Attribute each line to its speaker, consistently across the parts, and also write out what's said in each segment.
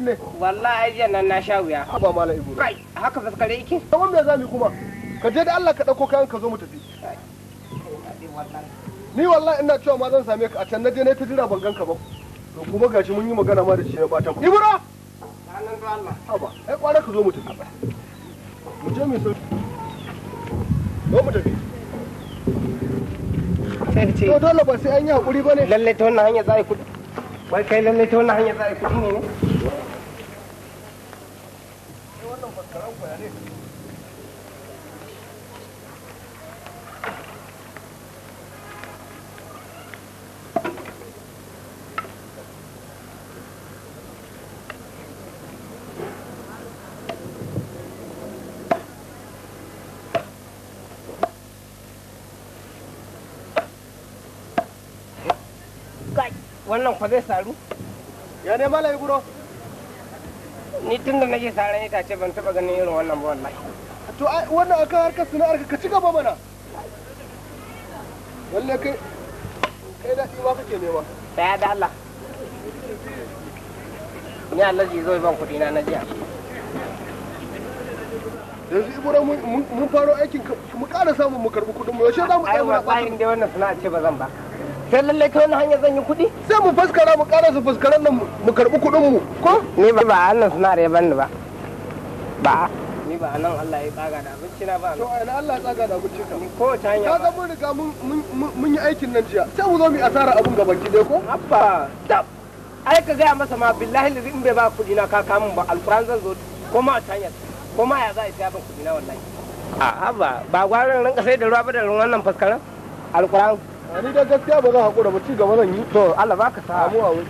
Speaker 1: abincin ne wallahi jiya
Speaker 2: nan na sha wuya ba a ibu kai haka faskare yake to me za kuma ka je da Allah ka kayan ka zo mu tafi ni wallahi ina cewa ma zan same ka a can na je
Speaker 3: na ta jira ban ganka ba to kuma gashi mun yi magana ma da shi ya bata ibura
Speaker 1: ranan Allah
Speaker 2: haba ai kwara ka zo mu tafi mu je mu so zo mu tafi to dole ba sai an yi hakuri ba ne ta
Speaker 1: wannan hanya za a yi wai kai lalle ta wannan hanya za a yi ne ne wannan kwa zai saru ya ne malami guro ni tun da nake saran itace ban taba ganin irin wannan ba wallahi to wannan akan harkar sana'ar ka ci gaba mana lalle kai kai da ba kake nema daya da Allah ni Allah ji zo ban kudi na na jiya yanzu ibura mun faro aikin mu ƙara samun mu karɓi kudin mu yaushe za mu kai mu na ɓarin dai wannan sana'a ce ba zan ba sai lalle kai wani hanyar zan yi kuɗi sai mu faskara mu ƙara su faskaran nan mu karɓi kuɗin mu ko ni ba ba annan suna da ni ba ba ni ba nan Allah ya tsaga da abinci na ba to ina Allah ya tsaga da abinci ka ko ta hanya ga
Speaker 2: mun riga mun
Speaker 1: mun yi aikin nan jiya sai mu zo mu asara abun gaban ki dai ko abba tab ai ka gaya masa ma billahi in bai ba kuɗi na ka kamun ba alquran zan zo ko ma ta hanya ko ma ya za a tsaya ban kuɗi na wallahi a'a ba ba gwarin rinka sai da ruwa ba da ruwan nan faskaran alquran a ni da gaskiya ba za haƙura ba ci gaba zan yi to Allah sa amuwa wani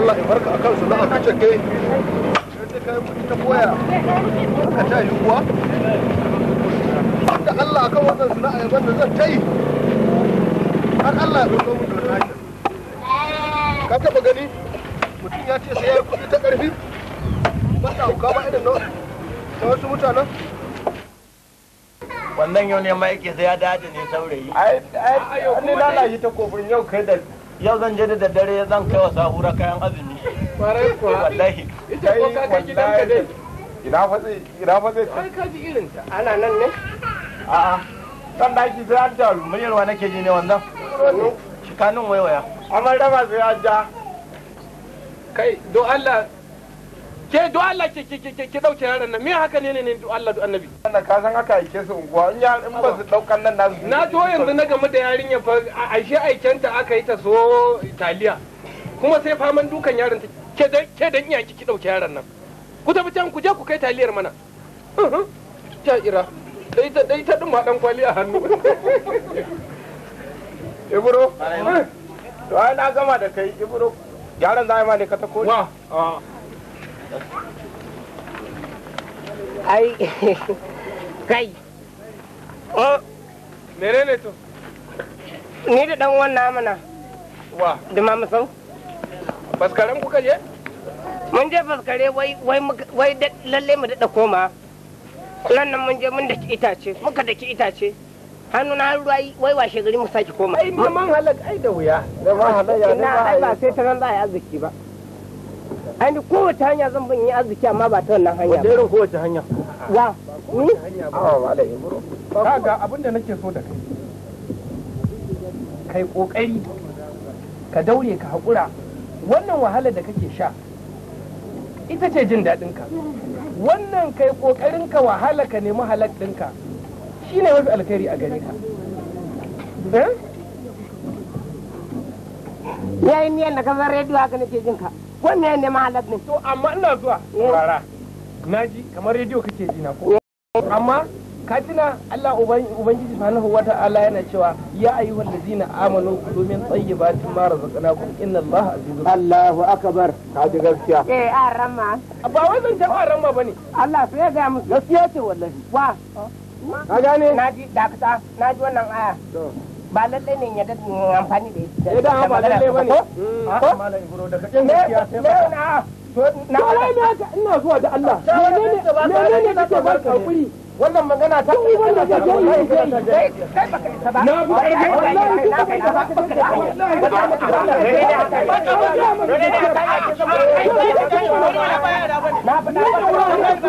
Speaker 2: Allah ka barka a kansu kai sai kai kuɗi ta koya ta yi da Allah akan wannan da zan ta yi har Allah ya mutum na ka taɓa gani mutum ya ce sai ya kuɗi ta ƙarfi ba ta hauka ba irin na wasu mutanen wannan yau ne ma sai ya dace ne saurayi ai ne lalace
Speaker 1: ta kofin yau kai da
Speaker 2: yau zan je da daddare zan kai wa sahura kayan azumi
Speaker 1: kwarai kuwa wallahi
Speaker 2: ita ko ka kai gidanka dai ina fatsi ina fatsi kai
Speaker 1: ka ji irin ta ana nan ne
Speaker 2: a'a san daki sai an jaru muryar wa nake ji ne wannan shikanin waiwaya amma raba sai an ja kai do Allah ke
Speaker 1: do Allah ki ke ke ke dauke yaran nan me haka ne ne ne do Allah do annabi
Speaker 2: wannan ka san haka aike su unguwa
Speaker 1: in ya in ba su daukan nan nasu na to yanzu na gamu da yarinya fa aishi aiken ta aka yi ta so Italiya kuma sai faman dukan yaron ta ke da ke dan iya ki dauke yaran nan ku tafi can ku je ku kai taliyar mana ta ira dai ta dai ta duma dan kwali a hannu ibro to ai na gama da kai ibro yaran za a yi ma ne ka ta koli wa ai kai o mere ne to ni da dan wannan mana wa da ma musau faskaren kuka je mun je faskare wai wai wai lalle mu da koma nan mun je mun da itace muka da itace hannu na ruwa wai washe gari mu sake koma ai man halak ai da wuya da ma halaya ba ai ba sai ta nan za a yi arziki ba ai ni kowace hanya zan bin yi arziki amma ba ta wannan hanya ba irin kowace hanya wa ni a wala imro kaga abin da nake so da kai kai kokari ka daure ka hakura wannan wahala da kake sha ita ce jin daɗinka wannan kai kokarin ka wahala ka nemi halak ɗinka shi ne wasu alkhairi a gare ka eh? ya yi niyan da kamar rediyo haka nake jin ka wannan ne mahalar ne to amma ina zuwa eh. rara na ji kamar rediyo kake ji na ko amma ka tuna Allah ubangiji subhanahu wa ta'ala yana cewa ya ayyuhal ladzina amanu kulu min tayyibati ma razaqnakum inna Allah azizun Allahu akbar ka ji gaskiya eh arama ba wai zan ta arama bane Allah sai ya ga mu gaskiya ce wallahi wa
Speaker 4: ka gane
Speaker 1: na ji dakata na ji wannan aya ba lallai ne ya dadin amfani da ita da ba lallai ko malam daga kin gaskiya sai ba na wai ne haka ina zuwa da Allah menene menene kake ba ka hakuri wannan magana ta kai wanda ke kai ne kai kai baka isa ba na bu kai wallahi kin baka isa ba wallahi ba
Speaker 4: ka ba ba ba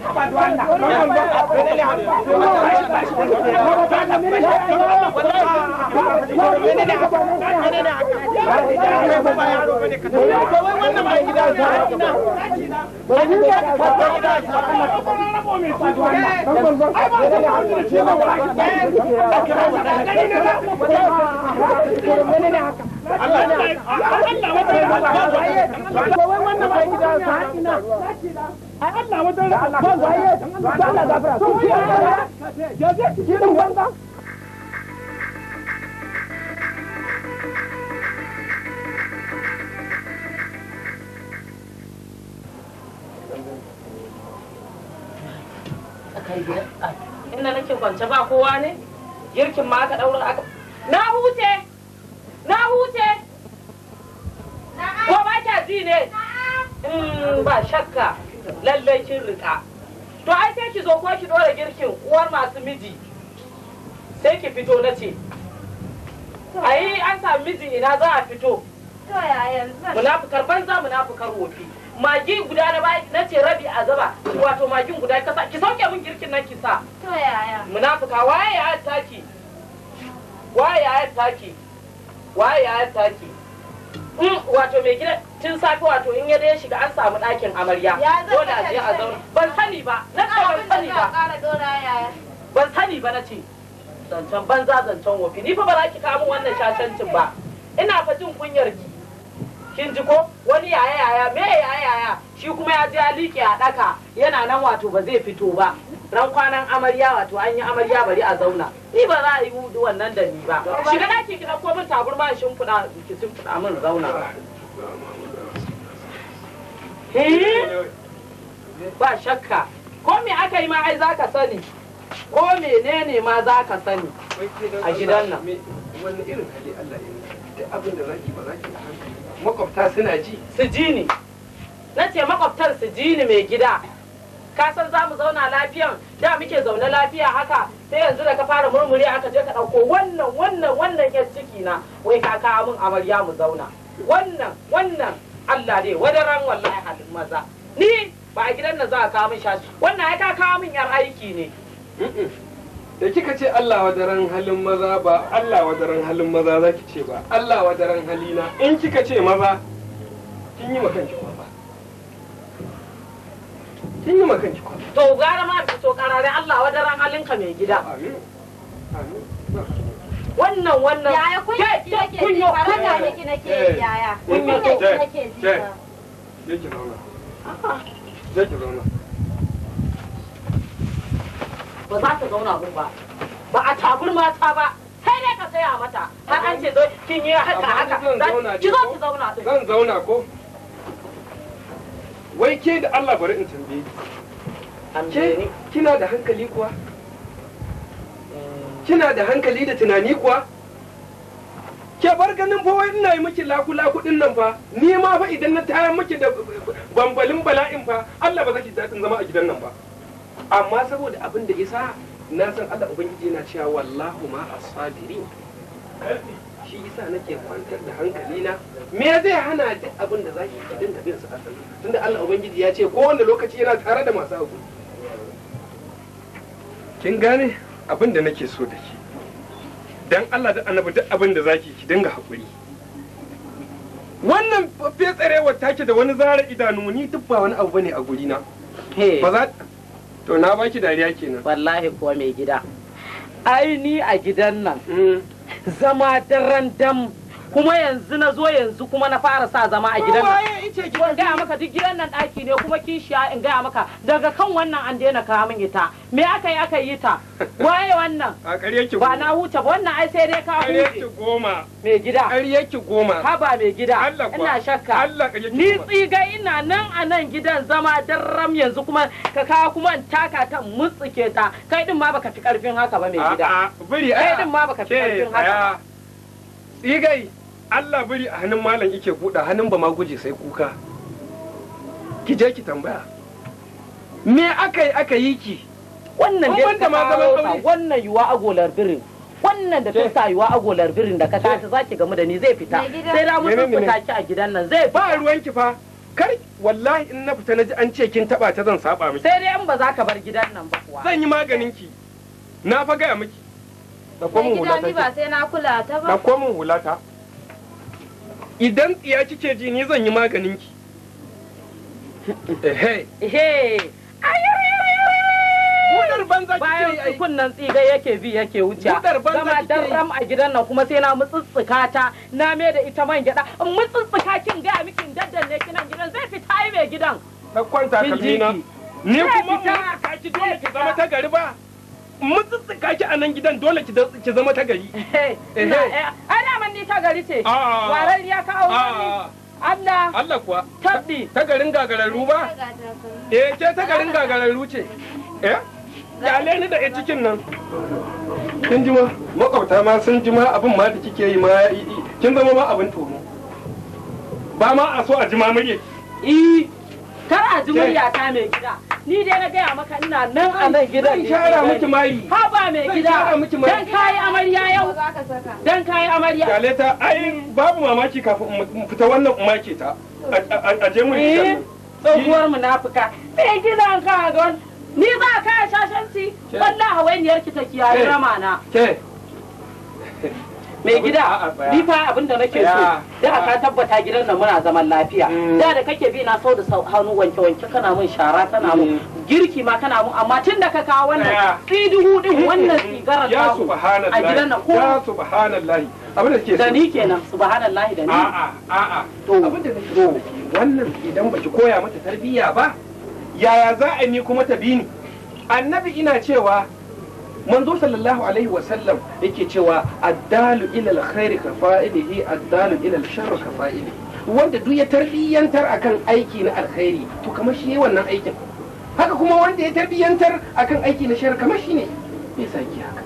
Speaker 1: Allah ai Allah wajen da Allah ba waye da Allah gafara to ki Allah ya je ki din wanda
Speaker 5: Inda nake kwance ba kowa ne? Girkin ma aka ɗaura aka... Na huce! Na huce! Ko ba k'a ji ne? Hmm, ba shakka. lallai kin rika to ai sai ki zo ko ki dora girkin uwar masu miji sai ki fito na ce
Speaker 1: ayi an sami miji ina za a fito
Speaker 4: to ya yanzu munafukar
Speaker 1: banza
Speaker 5: munafukar wofi magi guda na bai na ce rabi a zaba wato magin guda ka sa ki sauke min girkin nan ki sa to yaya munafuka waye ya taki waye ya taki waye ya taki wato mai gida tun safe wato in ya ya shiga an
Speaker 1: samu ɗakin amarya dole a je a zauna ban sani ba na ce ban sani ba ban sani ba na ce zancen banza zancen wofi ni fa ba za ki
Speaker 5: kamo wannan shashancin ba ina fa jin kunyar ki kin ji ko wani yaya yaya me yaya yaya shi kuma ya je ya liƙe a ɗaka yana nan wato ba zai fito ba ran kwanan amarya wato an yi amarya bari a zauna ni ba za a yi wudu wannan da ni ba shiga ɗaki ki ɗauko min taburma shi shimfiɗa ki shimfiɗa min zauna ba shakka ko me aka yi ma ai
Speaker 1: za ka sani ko menene ma za ka sani a gidan nan wani irin hali Allah ya da abin da zaki ba zaki hankali makwabta suna ji su ji ni
Speaker 5: na ce makwabtar su ji ni mai gida ka san za mu zauna lafiyan da muke zaune lafiya haka sai yanzu da ka fara murmuri aka je ka ɗauko wannan wannan wannan yan ciki na wai ka kawo min amarya mu zauna wannan wannan Allah dai wadaran wallahi halin maza ni ba a gidan nan za a kawo min shashi wannan ai ka kawo min yar aiki ne
Speaker 3: da kika ce Allah wa daren halin maza ba Allah wa daren halin maza za ki ce ba Allah wa daren halina in kika ce maza kin yi ki
Speaker 5: kwafa kin yi ki kwafa to gara ma to karare Allah wa daren ka mai gida wannan wannan yaya kun yi nake eh, yaya kun yi nake ji
Speaker 4: yake
Speaker 3: zauna yake
Speaker 5: ba za ta zauna gun ba ba a tabur mata ba sai dai ka saya mata har an ce zo kin yi haka haka ki zo ki zauna din zan
Speaker 1: zauna ko wai ke da Allah bari in tambaye ki kina da hankali kuwa eh. kina da hankali da tunani kuwa ke bar ganin fa wai ina yi miki lakula kudin nan fa ni ma fa idan na tayar miki da bambalin bala'in fa Allah ba zaki ki zama a gidan nan ba amma saboda abin da isa na san Allah ubangiji na cewa wallahu ma as shi isa nake kwantar da hankali na me zai hana duk abin da zaki ki dinga bin su asali tunda Allah ubangiji ya ce wanda lokaci yana tare da masu hakuri kin gane abin da nake so da ke dan Allah da annabi duk abin da zaki ki dinga hakuri wannan fetsarewar take da wani zara idanu ni duk ba wani abu bane a gurina ba za to na baki dariya kenan wallahi kuwa mai gida ai ni a gidan nan hmm. zama
Speaker 5: daren dam kuma yanzu na zo yanzu kuma na fara sa zama a gidan nan gaya maka duk gidan nan ɗaki ne kuma kishiya in gaya maka daga kan wannan an daina kawo min ita me aka yi aka yi ta waye wannan ba na huta ba wannan ai sai dai ka huce
Speaker 1: goma me gida ki goma ba me gida ina shakka ni tsiga
Speaker 5: ina nan a nan gidan zama darram yanzu kuma ka kawo kuma taka ta mutsike ta kai din ma baka fi karfin haka ba me gida kai din ma baka fi karfin haka
Speaker 4: ba
Speaker 1: tsigai Allah biri a hannun malam yake buɗa hannun ba ma guje sai kuka ki je ki tambaya me aka yi aka yi ki wannan da ta kawo wannan yuwa golar birin wannan da ta sa yuwa golar birin da ka tashi zaki gamu da ni zai fita sai da mutum fita ki a gidan nan zai ba ruwan ki fa kar wallahi in na fita naji an ce kin taba ta zan saba miki
Speaker 5: sai dai an ba za ka bar gidan nan ba kuwa
Speaker 1: zan yi maganin ki na fa gaya miki da komin hulata ba
Speaker 5: sai na kula ta ba da
Speaker 1: komin hulata idan tsiya kike ji ni zan yi maganin ki eh, ehe ehe
Speaker 5: Budar banza kike yi kunnan tsiga yake bi yake wuce. Budar banza kike yi. Zama a gidan nan kuma sai na mutsutsuka ta na me da ita man gyaɗa. In mutsutsuka kin ga miki ne kinan gidan zai fita yi mai gidan. Na kwanta kamina.
Speaker 4: Ni kuma mun
Speaker 5: ka ci dole ki zama
Speaker 1: ta gari ba. mutsutsuka ki a nan gidan dole ki zama ta gari. Eh, eh,
Speaker 5: ai daman ni ta gari ce. Ah. Warar ya kawo wani. Ah. Allah.
Speaker 1: Allah kuwa. Tabbi. Ta garin gagararru ba? Eh ke ta garin gagararru ce. Eh? Yale ni da ya cikin nan. Kin ji ma? Makwabta ma sun ji ma abin ma da kike yi ma kin zama ma abin tono. Ba ma a so a ji ma murya.
Speaker 5: Eh. Kar a ji murya ta mai gida. ni dai na gaya maka ina nan a nan gidan ne shara miki mari ha ba mai gida dan kayi amarya yau dan kayi amarya galeta
Speaker 1: ai babu mamaki kafin mu fita wannan umake ta a je mu gidan eh,
Speaker 5: tsohuwar munafuka sai gidan ka gon ni ba ka shashanci wallahi hawainiyar ki ta kiyaye ramana ke mai
Speaker 1: gida ni fa
Speaker 5: abin da nake so da aka tabbata gidan nan muna zaman lafiya mm. da da kake bi na sau da sau hannu wanke wanke kana mun shara kana mun mm. girki ma kana mun amma tun da ka kawo wannan duhu din wannan mm. sigara ta a gidan nan ko ya
Speaker 2: subhanallahi
Speaker 1: abin da ke da ni kenan subhanallahi da ni a'a a'a to abin da nake so wannan idan baki koya mata tarbiyya ba yaya za a ni kuma ta bi ni annabi ina cewa manzo sallallahu alaihi wasallam yake cewa addalu ilal khairi ka fa'ilihi addalu ilal sharri ka fa'ilihi wanda duk ya tarbiyyantar akan aiki na alkhairi to kamar shi wannan aikin haka kuma wanda ya tarbiyyantar akan aiki na sharri kamar shi ne me saki haka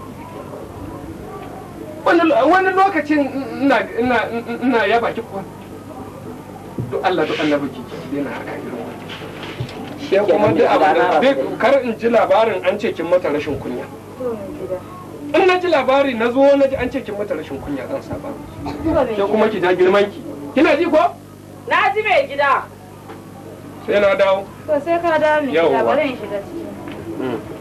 Speaker 1: wani lokacin ina ya baki kuwa duk Allah duk Allah baki
Speaker 3: ki dena haka irin wannan kuma duk abu da kar in ji labarin an ce
Speaker 1: kin mata rashin kunya
Speaker 5: in
Speaker 1: na ji labari na zo na ji an ce kin mata rashin kunya zan
Speaker 5: saba ke kuma ki ja girman ki kina ji ko na ji mai gida
Speaker 1: sai na dawo
Speaker 5: to sai ka dawo mai gida in shiga cikin.
Speaker 1: Hmm.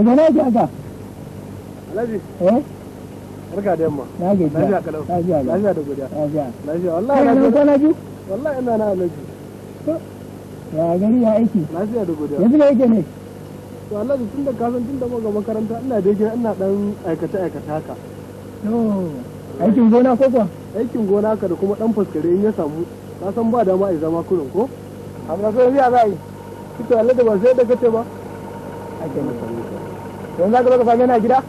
Speaker 3: daga na ji aka alhaji eh barka da yamma na ji lafiya kalau lafiya lafiya da godiya lafiya lafiya wallahi na kana ji wallahi ina na alhaji ya gari ya aiki Na lafiya da godiya yanzu ne yake ne to alhaji tun da kasan tun da muka makaranta ina da gida ina dan aikata-aikata haka aikin gona ko kuwa aikin gona ka da kuma dan fuskare in ya samu na san ba dama a zama kurin ko amma sai ya za yi kito Allah da ba sai da kace ba ake masa yanzu aka ka zo na a gida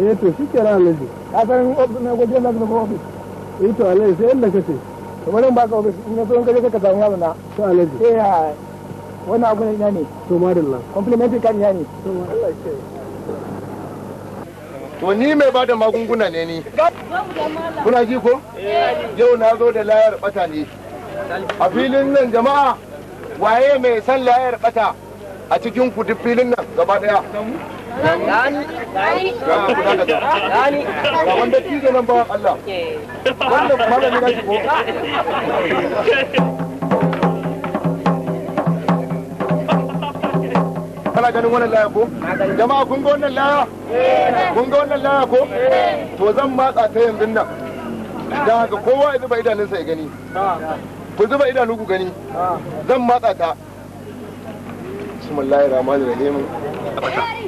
Speaker 3: eh to shi ke ranar lalle ka san ofis na gobe za ka ofis eh to alai sai yadda ka ce kamar yin baka ofis in so in ka ka samu yaro na to alai eh wannan abu ne ina ne to madalla complimentary
Speaker 2: kan ina ne to Allah ya to ni mai bada magunguna ne ni kuna ji ko eh. yau na zo da layar bata ne a filin nan jama'a waye mai san layar bata a cikin ku duk filin nan gaba daya
Speaker 4: Dani, Dani, Dani, ba wanda
Speaker 2: tije nan bawan Allah.
Speaker 4: Wannan malami na shi ko?
Speaker 2: Kana ganin wannan laya ko? Jama'a kun ga wannan laya? Eh. Kun ga wannan laya ko? Eh. To zan matsa ta yanzu nan. Da haka kowa ya zuba idanunsa ya gani. Ku zuba idanu ku gani. Zan matsa ta. Bismillahir Rahmanir
Speaker 4: Rahim.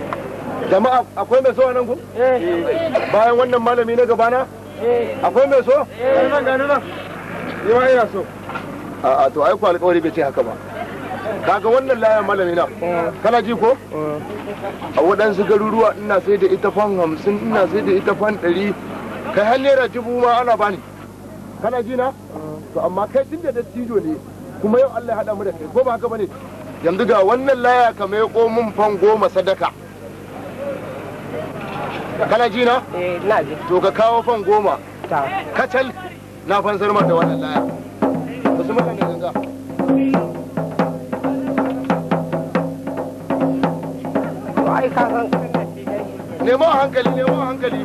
Speaker 2: jama'a akwai mai so a nan ku eh. bayan wannan malami na gabana eh. akwai mai so yawa eh, ina so a to ai ku alƙawari bai ce haka ba kaga wannan layan malami na kana ji ko
Speaker 4: a
Speaker 2: waɗansu garuruwa ina sai da ita fan hamsin ina sai da ita fan ɗari kai har naira dubu ma ana bani kana ji na to amma kai tun da dattijo ne kuma yau Allah ya haɗa mu da kai ko ba haka bane yanzu ga wannan laya kamar mai ko mun fan goma sadaka kana ji na? eh na ji to ka kawo fan goma ta kacal na fan fansar da wannan laya wasu mutane ganga ai ka san nemo hankali nemo hankali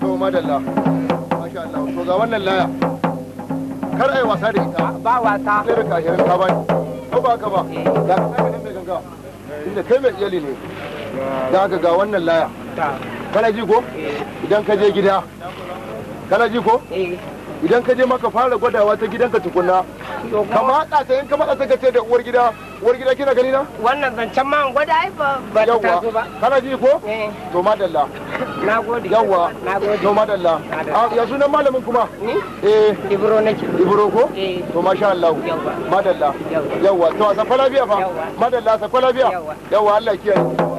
Speaker 2: to madalla masha Allah to ga wannan laya kar ai wasa da ita ba wasa ne da kashirin ka bani ko ba ka ba eh. ga ka mai ganga inda kai mai iyali ne da ga wannan laya kana ji ko idan ka je gida kana ji ko eh. idan ka je maka fara gwadawa ta gidanka tukuna Kama matsa ta yin ka matsa ta gace da uwar gida uwar gida kina gani na wannan zancen ma gwada ai ba ta taso ba kana ji ko eh. to madalla nagode yawa nagode to madalla ah, ya sunan malamin kuma ni eh ibro nake ibro ko eh. to masha Allah madalla yawa to a sakwala biya fa madalla sakwala biya yawa Allah kiyaye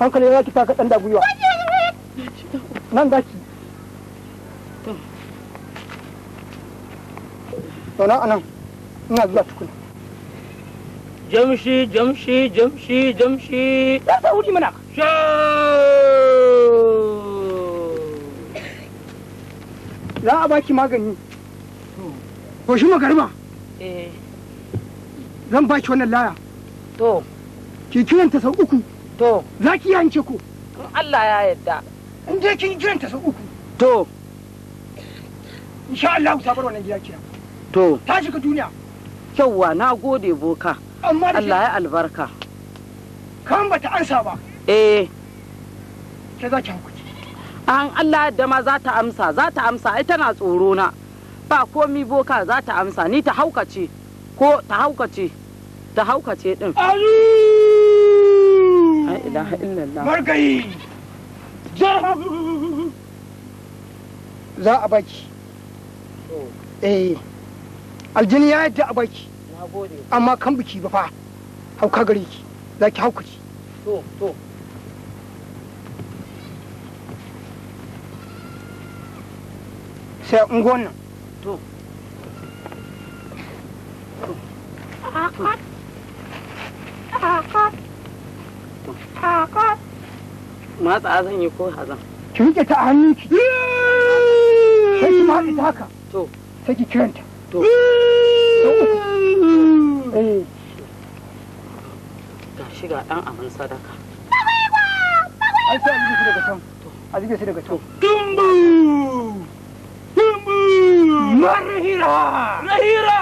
Speaker 1: hankali ya ki taka da gwiwa nan daki To a anan ina zuwa tukuna jamshi jamshi jamshi jamshi ya sa wuri mana Sho! za a baki magani To shi magarba Eh. zan baki wannan laya to ki kiranta sau uku to za ki yance ku in Allah ya yarda in dai kin ta sau uku to insha Allah ku bar wannan gida kira to ta shiga duniya yawwa na
Speaker 5: gode boka
Speaker 1: amma Allah ya albarka kan bata ansa ba
Speaker 5: eh ke za ki hankali an Allah yadda ma za ta amsa za ta amsa ai tana tsoro na ba komi boka za ta amsa ni ta haukace ko ta haukace ta haukace din la ilaha illallah
Speaker 4: margayi
Speaker 1: za a baki eh aljini ya yadda a baki amma kan biki ba fa hauka gare ki za ki haukaci to sai ungon nan to Ah, ah, ah, ah. matsa zan yi ko hazan ki rike ta a hannunki sai ki matsa ta haka to sai ki kiranta to eh.
Speaker 5: ga shi ga ɗan abin sadaka
Speaker 1: ai sai a zuge daga can a zuge daga can dumbu
Speaker 4: dumbu marhira marhira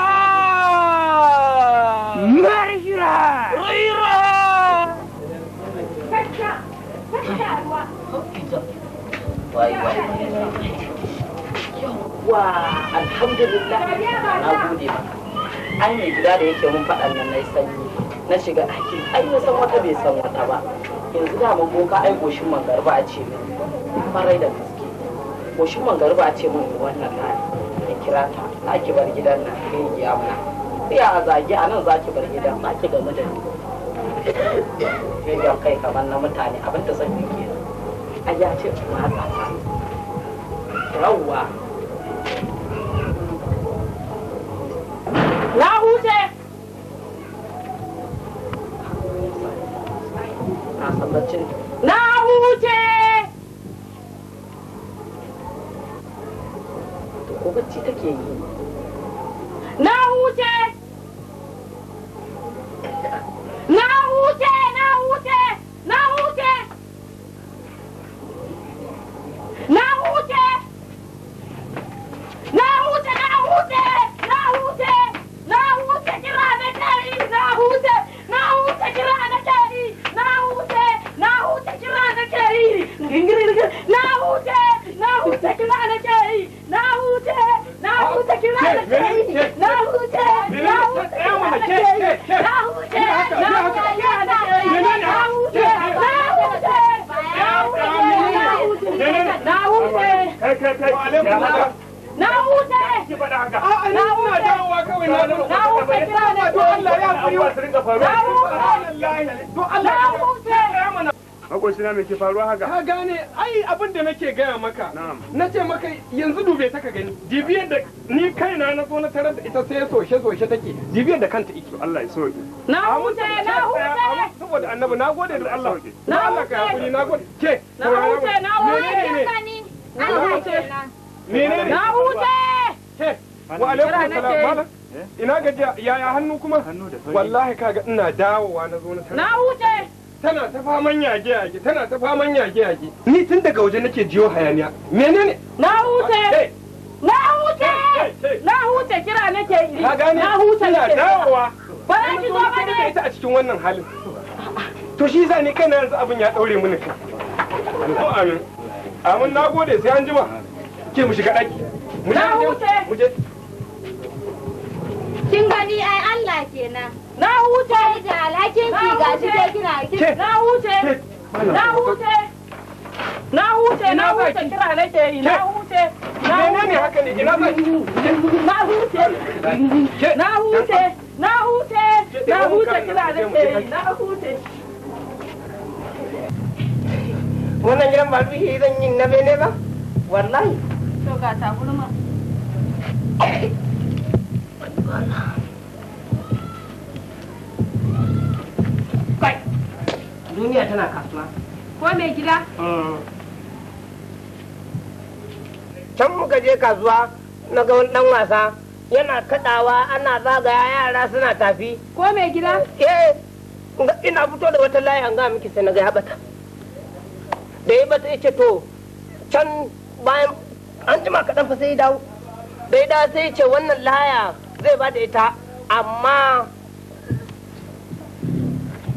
Speaker 4: marhira yawwa
Speaker 5: alhamdulillah na gode ma An yi gida da yake mun faɗan nan na yi sanyi na shiga ɗaki ai na san wata bai san wata ba yanzu da mun boka ai goshin mangarba a ce min farai da gaske goshin mangarba a ce min wannan na ya kira ta za ki bar gidan nan sai ki amna ku a zagi a nan za ki bar gidan za ki gamu da ni sai kai kamar na mutane abin da san ke a ya ce watsa ta yawwa na huce na san
Speaker 1: kuma wallahi kaga ina dawowa na zo na tana na wuce tana ta faman yage yage tana ta faman yage yage ni tun daga waje nake jiyo hayaniya menene na wuce
Speaker 5: na wuce na wuce kira nake yi na wuce ina dawowa
Speaker 4: bara ki zo ba ne
Speaker 1: ita a cikin wannan halin to shi yasa ni kaina yanzu abin ya daure mini kai ko amin amin nagode sai an jima ke mu shiga daki mu je mu je
Speaker 5: kenan na hute! da alhakin ki ga shi ke kina ki na hute! na hute! na hute! na Na kira nake yi na hute! na hute!
Speaker 1: haka ne ina ba na hute! na hute! na hute! na Na kira nake yi na hute! wannan gidan ba duhi zan yi na bene ba wallahi to ga ta duniya tana kasuwa ko mai gida hmm. can muka je kasuwa na ga wani dan wasa yana kadawa ana zagaya yara suna tafi ko mai gida eh ina fito da wata layan ga miki sai na ga bata da ya bata yace to can bayan an jima kaɗan fa sai ya dawo da ya dawo sai ya ce wannan laya zai ba da ita amma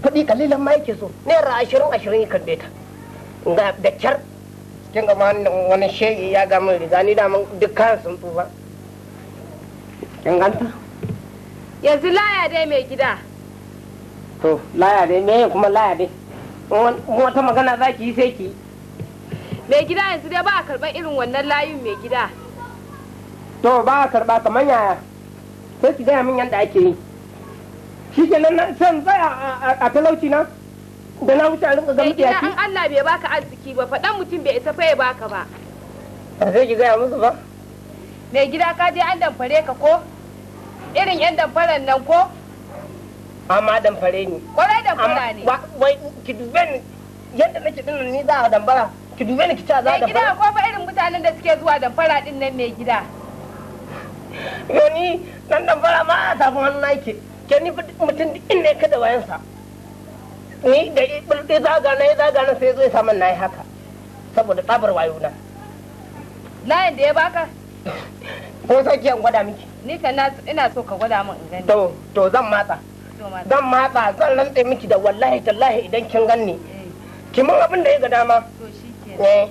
Speaker 1: kuɗi kalilan ma yake so naira ashirin ashirin ya karɓe ta ga da kyar kin ga wani shegi ya ga min riga ni daman duk kayan sun tsufa
Speaker 5: kin ganta yanzu laya dai mai gida to laya dai me kuma laya dai wata magana za ki yi sai ki mai gida yanzu dai ba a karɓar irin wannan layin mai gida
Speaker 1: to ba a karɓa kamar yaya sai ki gaya min yadda ake yi shi ke nan san tsaya a talauci na da na wuce a rinka ga mutiya ki.
Speaker 5: Allah bai baka arziki ba faɗan mutum bai isa fa baka ba ba sai ki gaya musu ba mai gida ka je an damfare ka ko irin yan damfaren nan ko
Speaker 1: amma damfare ne kwarai damfara ne
Speaker 5: wai ki dube ni yadda nake dinnan
Speaker 1: ni za a dambara ki dube ni ki ta za a damfara. mai gida ko
Speaker 5: fa irin mutanen da suke zuwa damfara din nan mai gida
Speaker 1: gani nan damfara ma a tafi hannu na ke ni mutum in ne ka da wayansa ni da bulɗi zaga na ya zaga na sai zai samun na yi haka saboda tsabar wayo na
Speaker 5: layin da ya baka ko sai kiyan gwada miki ni ka ina so ka gwada min in gani
Speaker 1: to to zan matsa zan matsa zan rantsa miki da wallahi tallahi idan kin ganni eh. ki mun abin da ya ga dama
Speaker 5: to shikenan
Speaker 1: eh.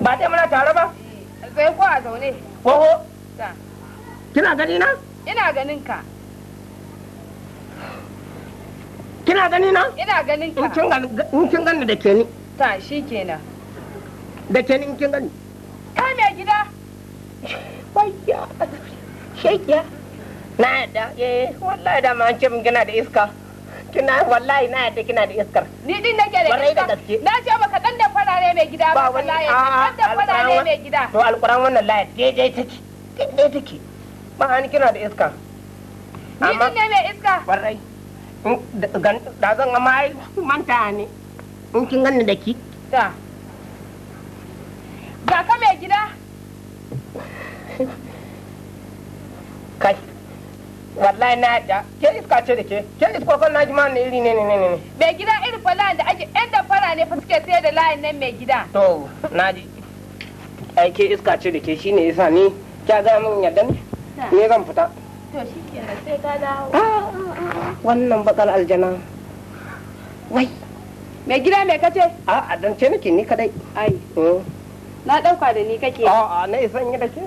Speaker 1: ba dai muna tare ba eh.
Speaker 5: sai ko a zaune
Speaker 1: oho kina gani na
Speaker 5: ina ganin ka kina gani na ina ganin ka
Speaker 1: in kin gani da ke
Speaker 5: ni ta shikenan
Speaker 1: da ke ni in kin gani
Speaker 5: ka mai gida bayya shekiya na yadda eh wallahi da ma an ce min gina da iska kina wallahi na yadda kina da iskar ni din nake da iska na ce maka dan da farare mai gida ba wallahi dan da farare mai gida to alquran wannan laya
Speaker 1: daidai take daidai take ba an kina da iska
Speaker 5: ni din ne mai
Speaker 1: iska Warai. da zan gama ai manta ne in kin ganni da ki
Speaker 5: ta ga ka mai gida kai wallahi na yadda ke
Speaker 1: iska ce da ke ke iska kan na jima ne iri ne ne ne ne
Speaker 5: mai gida iri fa da ake yan da fara ne fa suke sai da layin nan mai gida
Speaker 1: to na ji ai ke iska ce da ke shine yasa ni kya ga mun yadda ne ne zan fita
Speaker 5: Ah, ah, ah.
Speaker 1: wannan batsar aljana wai mai gida mai kace a a dance nake ni kadai ai hmm. na ɗauka da ni kake a a na isan yi da ke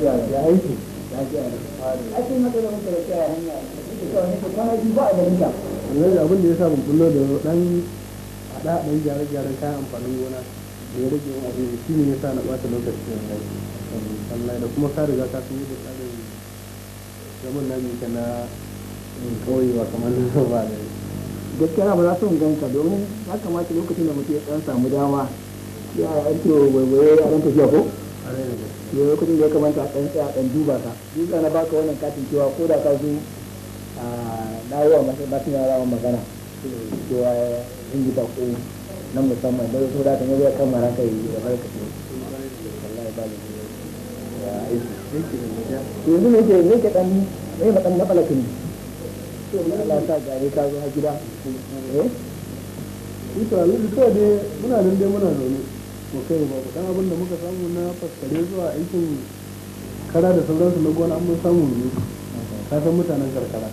Speaker 4: Ya yanzu abin
Speaker 3: da ya sa ban kullo da dan hada dan gyare gyaren kayan amfanin gona da ya rage wani abin shi ne ya sa na ɓata lokaci da Allah da kuma ka riga ka san yadda tsarin zaman na mika na
Speaker 6: kauyewa kamar na ba da gaskiya ba za su ganka domin ya kamata lokacin da mutum ya dan samu dama ya ake waiwaye a ran tafiya ko? yau kudin da ya kamata a tsaya ɗan duba ka duba na baka wannan katin cewa ko da ka zo a dawowa masu rawan magana cewa in ji bako na musamman da wasu da ta yi zai kamara yi da barka ce wallahi ba ne yanzu ne ke ne ke ɗan ne ma ɗan matsala kan Allah sa gare ka zo ha gida eh? Ita, kawai
Speaker 3: dai muna nan dai muna zaune. to kai ba dan abin da muka samu na faskare zuwa aikin kara da sauransu na gona an mun samu ne ka san mutanen karkara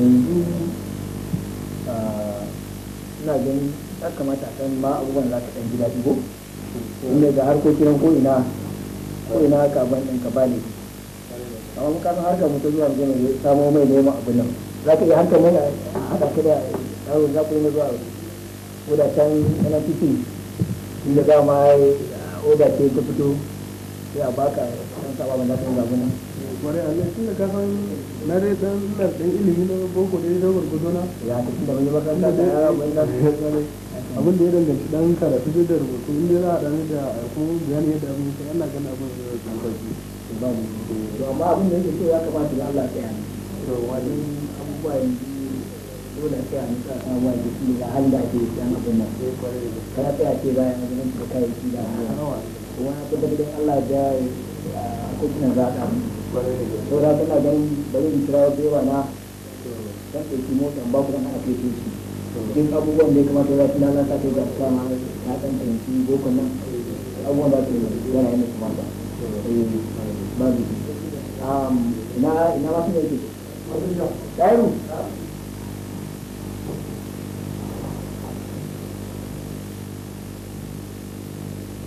Speaker 6: yanzu ah, ina ganin ya kamata a san ma abubuwan za ka ɗan ji daɗi inda da harkokin ko ina ko ina haka ban ɗin ka bale amma muka san harkar mutu zuwa gina samo mai neman abin nan za ka iya harkar mai a haɗa ka da yaro za ku yi zuwa oda can yana ciki inda dama ya yi oda ce ta fito sai a baka kan saba ban zafin zabu nan kwarai a
Speaker 3: nan tunda ka san na dai dan ina dan ilimi na boko dai da gurgudo na ya ta tunda wani makaranta da yara ban da abin da ya danganci dan karatu da rubutu dai za a dan da
Speaker 6: kuma bayani yadda abin sai Allah gana abin da zai ba shi to amma abin da yake so ya kamata da Allah ya yi to wani abubuwa yanzu dole sai an sa abuwa da shi da hali da ake yan abin nan kada sai a ce bayan abin da kai shi da abuwa kuma na tabbatar da Allah ja hukunan zaɓa saura ganin bari in kira wasu yawa na kan ɗauki motan ba kuma ana kai shi duk abubuwan da ya kamata za su lalata ta ga kama na ɗan fahimci boko nan abubuwan ba su yana yana kuma ba eh, babu um, ina ina ma su ne ke ɗayaru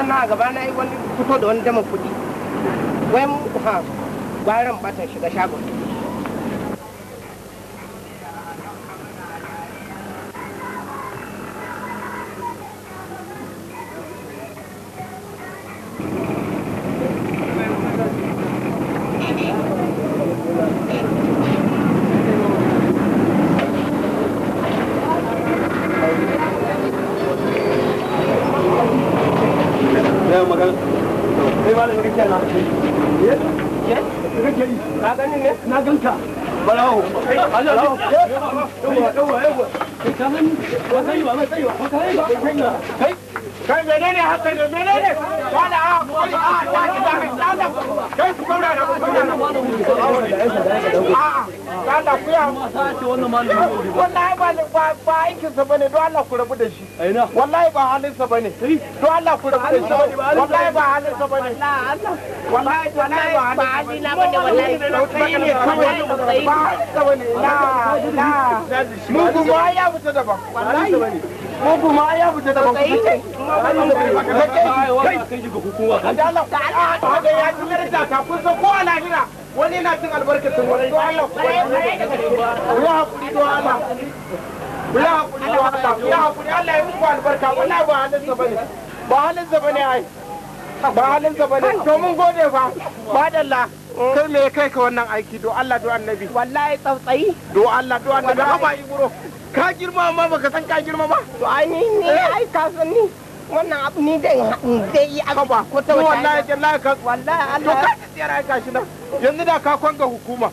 Speaker 1: wata na gaba na yi wani fito da wani dama kuɗi wai mun ha gwaran batan shiga shagon 好了，老爷，等我，等我，哎我，你看看，我看一碗，我看一碗，我看一碗，我看一碗，哎。kai menene hasali menene a wani a ta ci da kai kai da da a ba ba Allah ku rabu da
Speaker 2: shi
Speaker 4: aina wallahi
Speaker 2: ba halinsa ba ne to Allah ku
Speaker 4: rabu wallahi ba
Speaker 1: wallahi wallahi ba wallahi ba na na mu ya wallahi ya kai
Speaker 2: hukuma Allah
Speaker 1: ga ya ji ko wani na cin wani to Allah ku ya
Speaker 4: ya hakuri ya hakuri Allah ya muku albarka wallahi ba halin sa bane
Speaker 1: ba halin sa bane ai ba halin sa bane to mun gode fa ba dalla kai me kai ka wannan aiki do Allah do annabi wallahi tsautsayi do Allah do annabi ba yi ibro ka girma ma baka san ka girma ba to ai ni ne eh. ai ka san ni wannan abu ni dai zai yi abu ko ta wallahi wallahi ka wallahi Allah to ka tsira ka shi nan yanzu da ka kwanga hukuma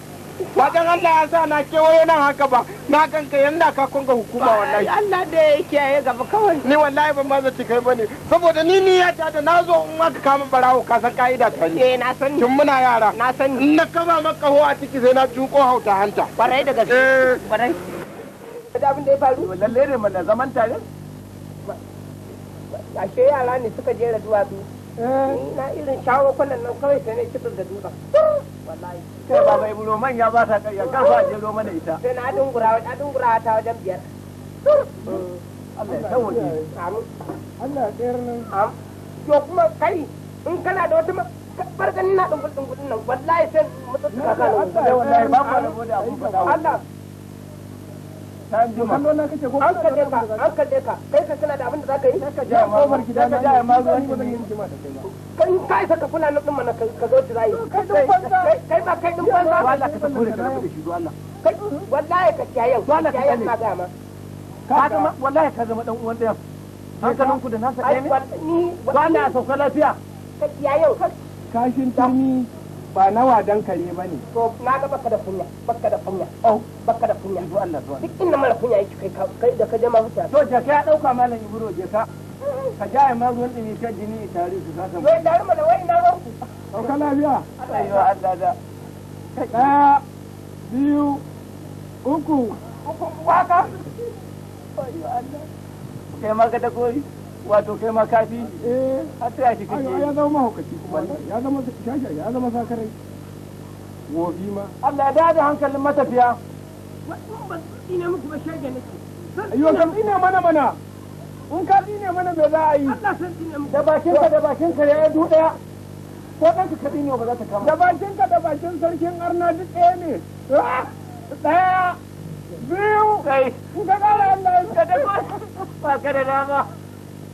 Speaker 1: wajen Allah ya sa na kewaye nan haka ba na kanka yanda ka kunga hukuma wallahi Allah da ya kiyaye gaba kawai ni wallahi ban ma zaci kai bane saboda ni ni ya tada na zo in aka kama barawo ka san kaida ta ni eh na san tun muna yara na san in na kama maka ho a ciki sai na juko hauta hanta barai da gaske barai eh. da abin da ya faru lalle ne mana zaman tare ashe yara ne suka jera duwatsu Eh, na irin shawo kwallon nan kawai sai ne kitar da dutsen wallahi kai ba mai bulo manya ba ta karya kan fa je mana ita sai na dungura na dungura ta wajen biyar eh, Allah ya Allah ya tsayar nan am kuma kai in kana da wata barkani na dungul dungul nan wallahi sai mutunta ka ba da Allah
Speaker 2: an kalle ka an ka kai ka da
Speaker 1: da ka ma jima ka isa ka kula din mana ka zo tirai kai din kai ba kai din banza wallahi ka tafi ka rabu da shi duwalla. kai wallahi ka kiyaye ka kiyaye ma ka zama wallahi ka zama dan uwan da hankalin ku da nasa ɗaya ne ba ya sauka lafiya ka kiyaye ba nawa dan kare ba ne. To na ga baka da kunya, baka da kunya. Oh, baka da kunya. Ibu Allah zuwa. Duk inda mala kunya yake kai kai da ka je ma huta. To je ka dauka malam Ibro je ka. Ka ja ma ruwan dumi ka jini tare su zaka. Wai da mana wai na ran ku. To ka lafiya. Allah ya Allah da. Ka biyu, uku. Uku waka. Ai Allah. Kai ma ka da gori. wato kai ma kafi eh har sai kike ai ya zama mahaukaci kuma
Speaker 3: ya zama shaja ya zama sakarai gobi ma Allah ya dada hankalin matafiya
Speaker 1: wannan ba ina muku ba shaja nake yo kam ina mana mana in ka ne mana bai za a yi da bakin ka da bakin ka ya du daya ko ɗan ka ne ba za ta kama da bakin ka da bakin sarkin arna duk ɗaya ne ɗaya biyu kai ka ƙara Allah ya ka da ba ka da dama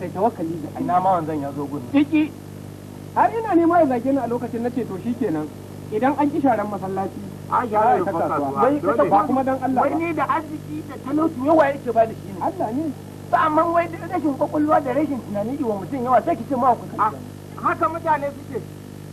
Speaker 1: kai tawakkali da Allah ina ma wanzan ya zo gudu ciki. har ina nema ya zage ni a lokacin nace to kenan. idan an ki sharan masallaci a sharan ta kasuwa wai ba kuma dan Allah wai ne da arziki da talauci yawa yake ba da shi ne Allah ne sa amma wai rashin kwakwalwa da rashin tunani wa mutum yawa sai ki ce ma ku haka mutane suke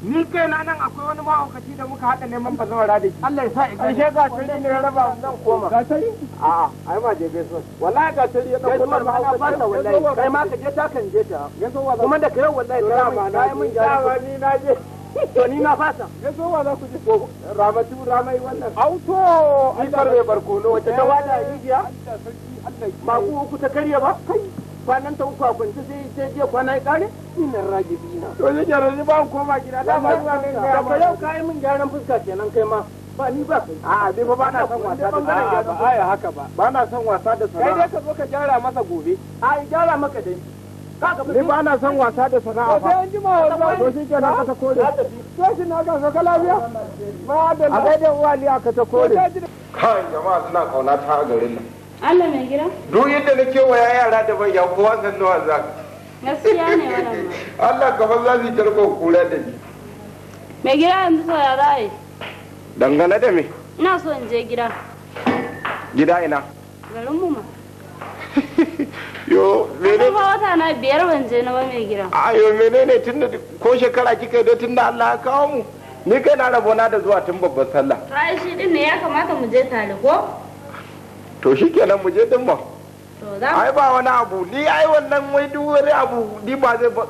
Speaker 1: ni kai na nan akwai wani ma'aukaci da muka haɗa neman ba zama radi Allah ya sa idan shi ga tare ne raba zan koma ga tare a a ai ma je gaisuwa wallahi ga tare ya kuma dauko ba mahaukaci wallahi kai ma ka je ta kan je ta yanzu wa kuma da kai wallahi ta ma na yi mun ja ni na je to ni na fasa yanzu wa za ku ji ramatu ramai wannan auto ai bar barkono wata ta eh. wada rijiya ku ku ta karya ba kai kwanan ta uku a kwanci sai je je kwana ya kare ina rage bina to ni gyara ni ba koma gida da ba zuwa ne da ka yau kai min gyaran fuska kenan kai ma ba ni ba a a dai ba na son wasa da ba ba ai haka ba ba na son wasa da sana'a kai dai ka zo ka gyara masa gobe a gyara maka dai ni ba na son wasa da sana'a ba. Sai ji ma wasa. To shi kenan ka ta kore. To shi na ga ka lafiya. Ma da Allah. A gaida uwa liya ka ta kore.
Speaker 2: Kai jama'a suna kauna ta a garin nan.
Speaker 5: Allah mai gida?
Speaker 2: Duk yadda na kewaya yara da bai yan kowa san nawa za ka.
Speaker 5: Gaskiya ne wannan.
Speaker 2: Allah ka za su tarko kura da ni.
Speaker 5: Mai gida yanzu so ya za yi?
Speaker 2: Dangane da me?
Speaker 5: Ina so in je gida. Gida ina? Garin mu ma.
Speaker 2: yo
Speaker 5: mene? Kuma wata na biyar ban je na ba mai gida.
Speaker 2: A yo menene da ko shekara kika da da Allah ya kawo mu. Ni kai na rabona da zuwa tun babban sallah.
Speaker 5: To shi din ne ya kamata mu je tare ko?
Speaker 2: to shikenan mu je din mu ai ba wani abu ni ai wannan wai duk wani abu ni ba zai ba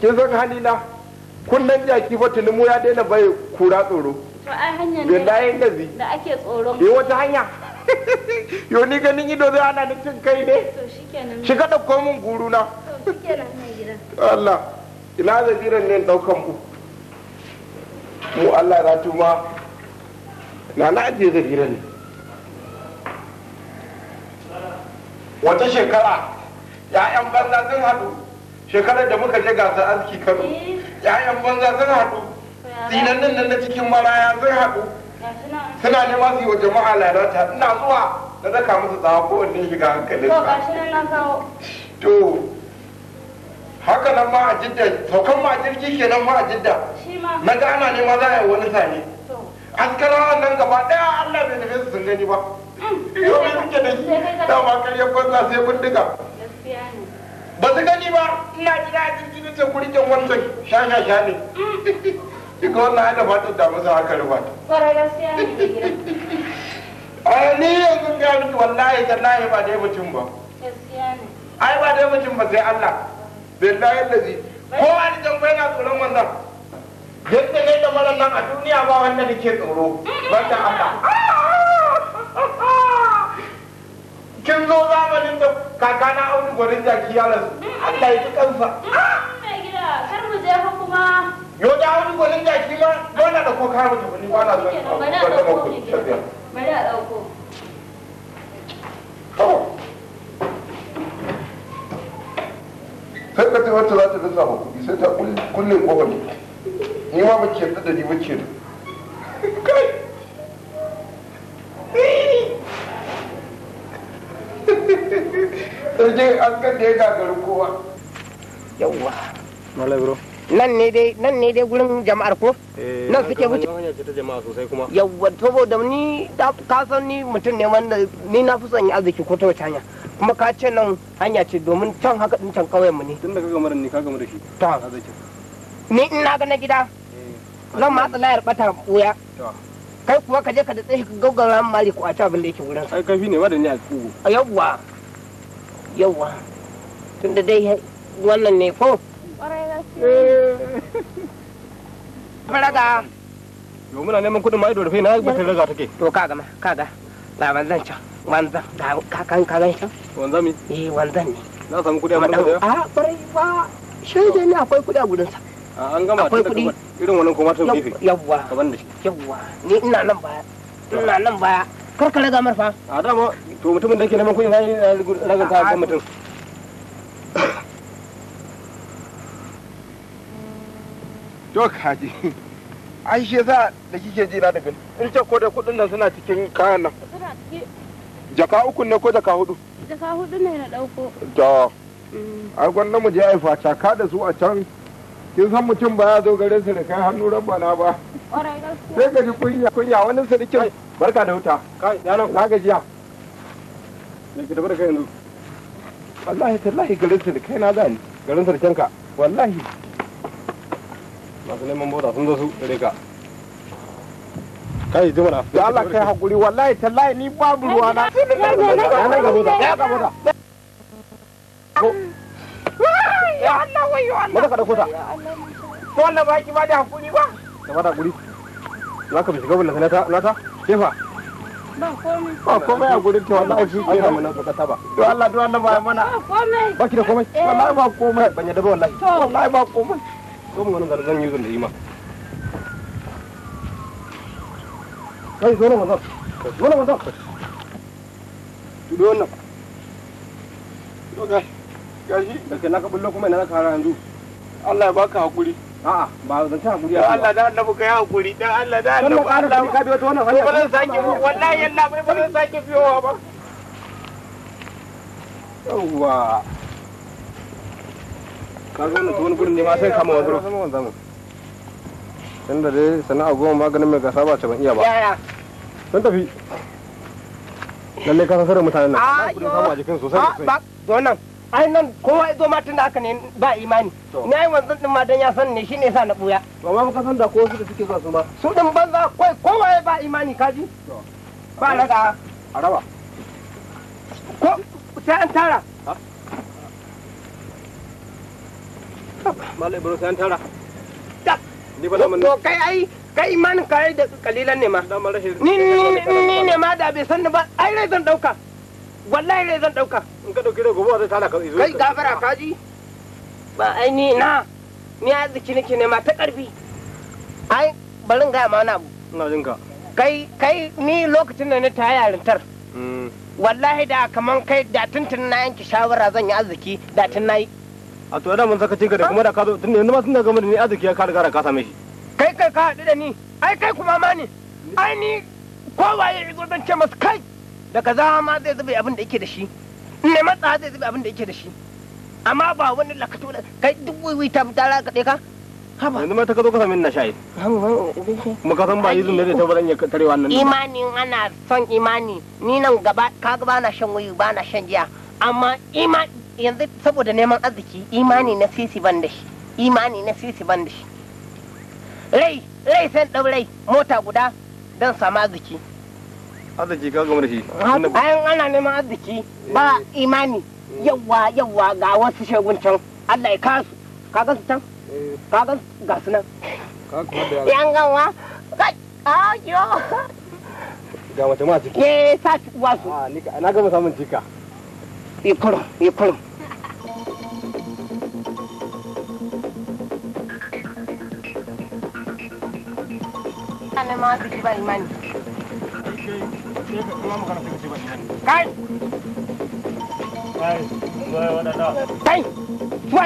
Speaker 2: kin san na? kunnan jaki tuni mu ya daina bai kura tsoro
Speaker 5: to ai hanyar ne da yin gazi da ake tsoro eh wata hanya
Speaker 2: yo ni ganin ido zai ana ni cin kai ne
Speaker 5: to
Speaker 4: shikenan shi ka
Speaker 2: dauko mun guru na
Speaker 4: to shikenan mai gida
Speaker 2: Allah ina zabiran ne daukan mu mu Allah ya ratuma na na ajiye zabiran ne
Speaker 1: wata shekara ya'yan banza sun haɗu shekarar
Speaker 2: da muka je gasar aski kano eh. ya'yan banza sun haɗu
Speaker 4: Tsinanin nan na cikin maraya
Speaker 2: sun haɗu suna nema su yi wa jama'a lalata ina zuwa za ka musu tsawa ko wanne shiga hankalin to haka nan ma a jidda saukan ma a jirgi kenan ma a jidda
Speaker 4: na ga ana nema
Speaker 2: za a yi wani sani askarawa nan gaba ɗaya allah bai nufi su sun gani ba yau me suke da shi dama karya banza sai bindiga ba su gani ba ina gida a jirgin ta kurke wancan sha sha sha ne kika wannan ana fatan da masa haka rufa a ni yanzu ga miki wallahi tallahi ba dai mutum ba ai ba dai mutum ba sai Allah billahi lazi ko an jan bai na tsoron wannan yadda kai da maran nan a duniya ba wanda nake tsoro
Speaker 4: ta Allah
Speaker 1: kin zo zamanin da kakana auni gwarin jaki ya rasu Allah ya ji kansa
Speaker 5: mai gida kar mu je kuma
Speaker 2: yo da auni gwarin jaki ma dole da ko kawo ta kuni wala zo ba da dauko
Speaker 5: ba da dauko
Speaker 2: sai ka ta wata za ta rinsa ma kuɗi sai ta kulle kofar ni ma ba ke da ni ba ke da kai sai an kan da ya gagaru kowa yawwa
Speaker 1: malai bro nan ne dai nan ne dai gurin jama'ar ko eh, nan suke wuce yawwa saboda ni ka san ni mutum ne wanda ni na fi son yi arziki ko ta wace hanya kuma ka ce nan hanya ce domin can haka din can kauyen mu ne tun da ka gamar ni ka gamar da shi ta
Speaker 5: ni ina ga na gida eh. zan matsa layar bata wuya kai kuwa ka je ka da tsaye ka ran mali ko a ci abin da yake wurin
Speaker 3: sai kafi ne a kugo a yawwa yawwa
Speaker 1: tunda dai wannan ne ko eh. wanzan eh wanzan ne na samu kudi a mata da a kwarai ah, ba shaidai ne akwai kudi a gudunsa an gama akwai kuɗi irin wannan kuma ta gefe yawwa kaban da shi yawwa ni ina nan baya ina nan baya kar ka raga marfa a ma to mutumin da ke neman kuɗi zai raga ta ga mutum
Speaker 2: to kaji ai shi yasa da kike jira da gani in ce ko da kuɗin nan suna cikin kayan nan jaka uku ne ko jaka hudu
Speaker 5: jaka hudu ne na ɗauko to mm.
Speaker 2: ai gwanda mu je ai fata ka da su a can kin san mutum ba ya zo gare su da kai hannu rabbana ba
Speaker 4: sai
Speaker 2: ka ji kunya kunya wani sadikin barka da wuta kai yaron na gajiya
Speaker 3: me ki tabbata kai yanzu wallahi tallahi garin su da kai na zani garin su da kanka wallahi masu neman bota sun zo su gare ka kai jimara da Allah kai hakuri wallahi tallahi ni babu ruwa na ya ga bota ya ga bota
Speaker 4: wayo Allah
Speaker 1: wayo Allah maza ka dauko ta to Allah ba ki ba da hakuri ba ka ba da hakuri za ka shiga bulla na ta kefa
Speaker 4: ba komai ba komai a gurin
Speaker 1: ta wallahi shi ke nan ka kasa ba to Allah to Allah ba mana ba
Speaker 4: komai ba ki da komai eh. wallahi
Speaker 1: ba komai ban yadda ba wallahi wallahi ba komai ko mun ganin garzan yuzun da yi ma.
Speaker 3: kai zo na manzo zo na manzo
Speaker 1: tudo wannan Okay. gashi da kai naka bullo kuma ina naka hara yanzu Allah ya baka hakuri a'a ba zan ci hakuri ya Allah da Allah baka yi hakuri dan Allah da Allah ka Allah ka bi wata wannan hanya ba zan sake wallahi Allah bai ba zan sake biyowa ba yawwa
Speaker 4: ka
Speaker 3: ga mutum wani gurin ne ma sai kama wanzuro tunda dai sana'a goma maganin mai gasa ba ce ban iya ba sun tafi lallai ka san sarar mutanen nan ba ku samu a jikin sosai
Speaker 1: sosai ah, ai nan kowa ya zo ma tun da haka ne ba imani na yi wanzan din ma dan ya san ne shine yasa na buya to ma muka san da ko su da suke zuwa su ma su din banza kai kowa ya ba imani kaji ba na da araba ko sai an tara malai bro sai an tara ni ba mun to kai ai kai imanin kai da kalilan ne ma ni ne ma da bai san ba ai rai zan dauka wallahi ne zan dauka in ka dauki da gobe zai tana ka izo kai gafara ka ji ba ai ni na ni arziki nake nema ta karfi ai barin ga ma na ina jin ka kai kai ni lokacin da na ta yarintar mm. wallahi da kaman kai da tuntun na yanki shawara zan yi arziki da tun nayi a to da mun saka ce
Speaker 3: da kuma da ka zo tun yanzu ma tun da gama da ni arziki ya ka riga ka same shi
Speaker 1: kai kai ka haɗu da ni ai kai kuma ma ne ai ni ya izo zan ce masu kai da zama ma zai zube abin da yake da shi ne matsa zai zube abin da yake da shi amma ba wani lakato da kai duk wiwi ta fita ra kaɗai ka haba yanzu ma ta kazo zo ka na shayi mu ka san ba yizun da zai ta baran ya tare wannan imani ana son imani ni nan gaba ka ga na shan wuyi ba na shan giya amma imani yanzu saboda neman arziki imani na sisi ban da shi imani na sisi ban da shi rai rai san ɗau rai mota guda don sama arziki
Speaker 3: arziki ka gama da shi
Speaker 1: bayan ana neman arziki ba imani yawa yawa ga wasu shagun can allah ya kasu ka ga su can ka gan ga su nan yan gawa ganwa ayo ga wata ma ciki eh sa ci wasu na gama samun jika ikurum ikurum
Speaker 5: ana ma arziki ba imani
Speaker 1: kai kai kuma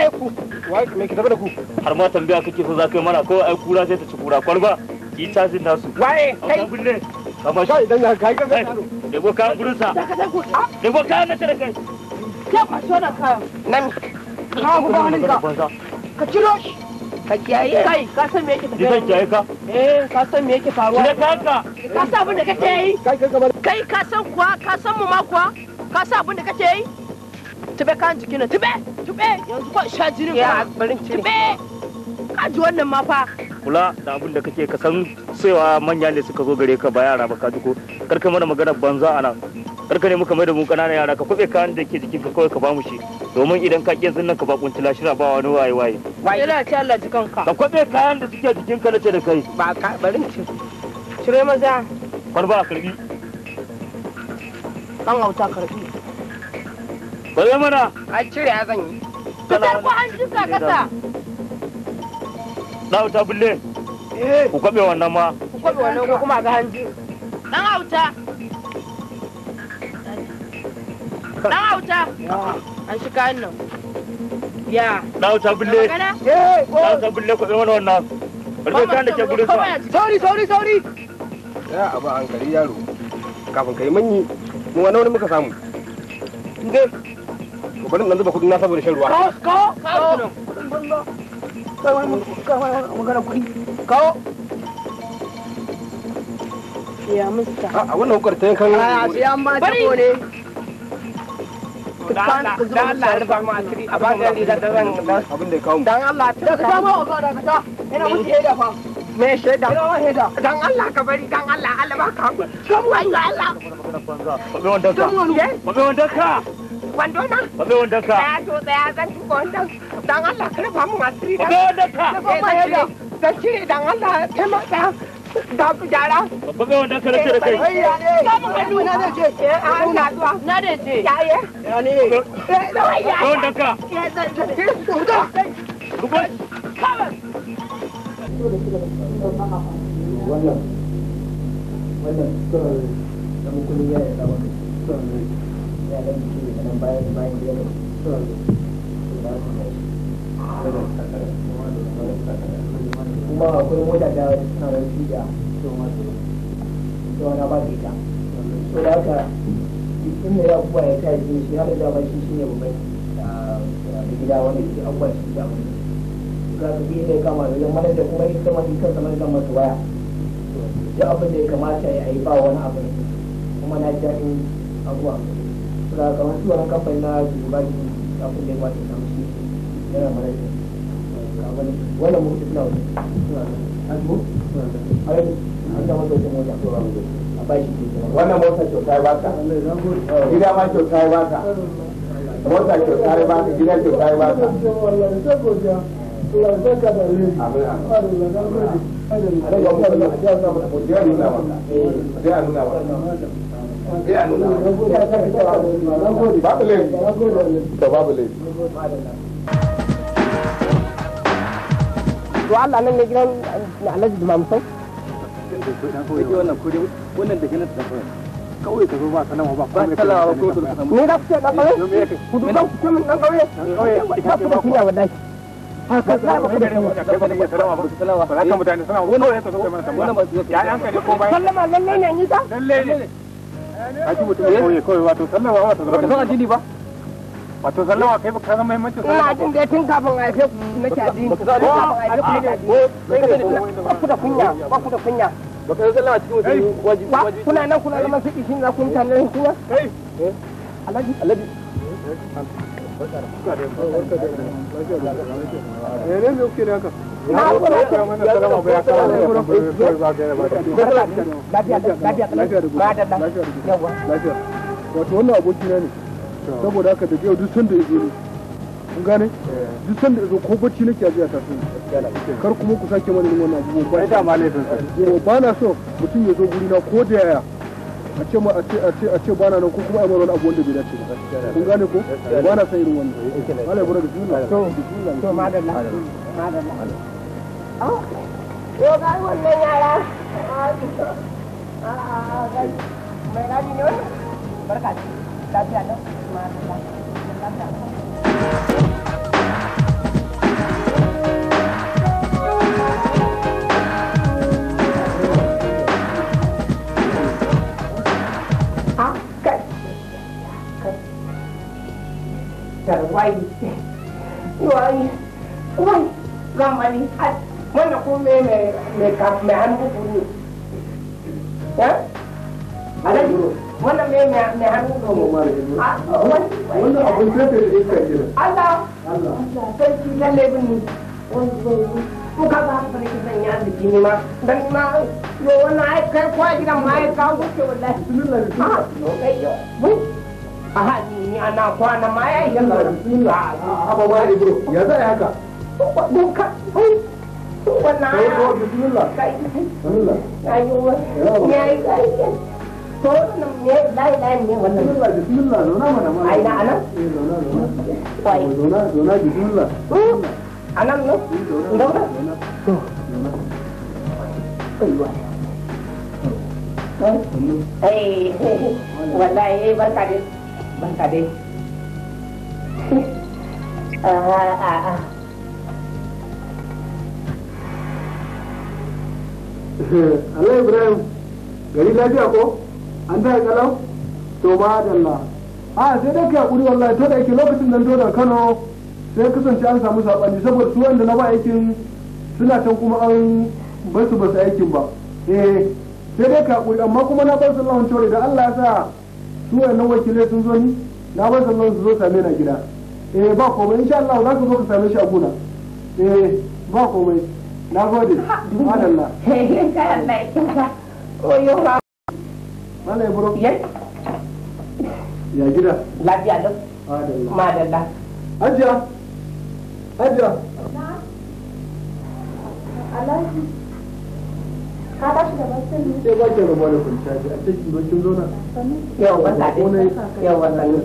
Speaker 1: ya ku da
Speaker 2: ku kake so za kai mana ko ai kura sai ta ci kura kwalba su.
Speaker 1: waye kai kamar shi idan kai Kai! da kan gurin sa da go kan na tare kai ma so kai. ka ah! nan ka ga ka ka ciro ka kiyaye kai ka san me yake tafiya zan kiyaye ka eh ka san me yake faruwa ne ka ka ka san abin da kake yi kai ka kai ka san kuwa ka san mu ma kuwa ka san abin da kake yi tube kan jikin tube tube yanzu ko sha jinin ka tube aji wannan ma fa
Speaker 2: kula da abin da kake ka san cewa
Speaker 1: manya ne suka zo gare ka ba yara ba ka duko karka mana magana banza a nan karka ne muka mai da mu kananan yara ka kube kayan da ke jikin ka kawai ka ba mu shi domin idan ka ƙi nan ka ba kunci shira ba wani waye waye yana ce Allah jikan ka ka kube kayan da suke jikin ka nace da kai ba ka bari ci cire maza farba karbi
Speaker 5: kan auta karbi
Speaker 1: bari mana an cire ya zan yi ka ko an jisa kasa Ɗauta bulle. Eh. Ku kwaɓe wannan ma. Ku kwaɓe
Speaker 5: wannan ko kuma ga hanji. Ɗan auta. Ɗan auta. An nan.
Speaker 1: Ya. bulle. Ɗan eh, auta bulle wannan.
Speaker 5: Rufe kan da ke gudun sa. Sauri sauri sauri.
Speaker 1: Ya abu hankali yaro. Kafin ka manyi mu wani wani muka samu. Inde. Ko bari mu zuba kudin na saboda shan ruwa. Kawo
Speaker 4: ka kawo.
Speaker 1: magana kawo kan ah, a ta kone dan Allah a da
Speaker 4: ta ina ya dafa
Speaker 1: me shaida ina dan Allah ka bari dan Allah Allah ba ka hankali Allah
Speaker 2: ba wanda
Speaker 1: ka ba wanda ka wando na kwabe wandon ka ya to dan Allah ka rufa mun asiri dan kwabe wandon ka zan da ku ya ne da mun
Speaker 6: eh, ah, eh, kun kuma akwai mota da suna da shi da wani ba ta. so da haka in mai abubuwa ya sa shi shi har da ba shi shi ne babban da gida wanda shi abubuwa shi da wani ga su biyu ne kama da zama da kuma ita wani ita, sama da masu waya duk abin da ya kamata ya yi ba wani abu kuma na ji daɗin abubuwa ga ga wasu wani kamfani na dubai abin da ya kwace samu shi yana mara shi wannan mu suna wani suna suna da an mota a ba shi wannan mota kyauta ya baka gida ma kyauta
Speaker 3: ya baka
Speaker 4: mota kyauta ya baka gida kyauta ya baka
Speaker 3: a nuna maka babu laifi to
Speaker 5: Allah nan ne gidan Alhaji
Speaker 3: wannan da kawai ka zo ba ba ba ba
Speaker 1: da nan kawai ka
Speaker 3: kaji mutum kauye kawai wato sallama ba zama ka addini ba wato sallama kai baka san muhimmancin sallama
Speaker 1: ina jin kafin a haife ku addini ba ku da kunya ba ku da kunya ba ka sallama cikin wajen wajibi kuna nan kuna zaman za ku mutane kai eh? alhaji alhaji ne ne
Speaker 3: kuke ne saboda haka da yau duk sanda ya zo ne kun gane duk sanda ya zo ko bacci nake a jiya tafi kar kuma ku sake mani wannan abubuwan ba ba na so mutum ya zo guri na ko da yaya a ce ma a ce a ce a ce bana nan ko kuma ai wani abu wanda bai dace ba kun gane ko bana san irin wannan Allah ya bura da juna to to madalla
Speaker 1: madalla ah yo ga wannan yara ah ah ga mai rani ne barka ta ta ta madalla sister, why? Why? Why? Gamani, wannan ko me me me ka ah, oh, uh, me hannu kuru. Ya? Alai wannan me me me hannu kuru. Wannan abin da Allah. Allah. ki lalle bin ba ne zan yi arziki ne ma dan ma yo wannan
Speaker 5: ai kai kwa gidan ma ai kawo
Speaker 1: wallahi ah kai yo Aha hannu ana kwana ma ya yi abubuwa ibro ya zai haka duka wannan ya yi to ne ne wannan mana ai na anan eh, eh, anan to Eh,
Speaker 5: eh
Speaker 4: Ah, ah, A'a. Ah. Eh, Allah Ibrahim,
Speaker 3: gari lafiya ko? An ta kalau? To ba da Allah. Ah, A sai dai ka hakuri wallahi to da yake lokacin nan dodon Kano sai kasance an samu saɓani saboda su wanda na ba aikin suna can kuma an ba su aikin ba. Eh sai dai ka hakuri amma kuma na bar sallahu alaihi da Allah ya sa su wannan wakilai sun zo ni na ba sannan su zo same na gida eh ba komai insha Allah za ku zo ku same shi a gona
Speaker 1: eh ba komai na gode madalla kai
Speaker 5: Allah ya kinka
Speaker 1: oyo ba malai bro ya ya gida lafiya lau madalla madalla ajiya ajiya
Speaker 5: na alaji ka ba shi da basani
Speaker 3: sai ba ki ce a cikin dokin zona yau ba ta dai yau ba ta yau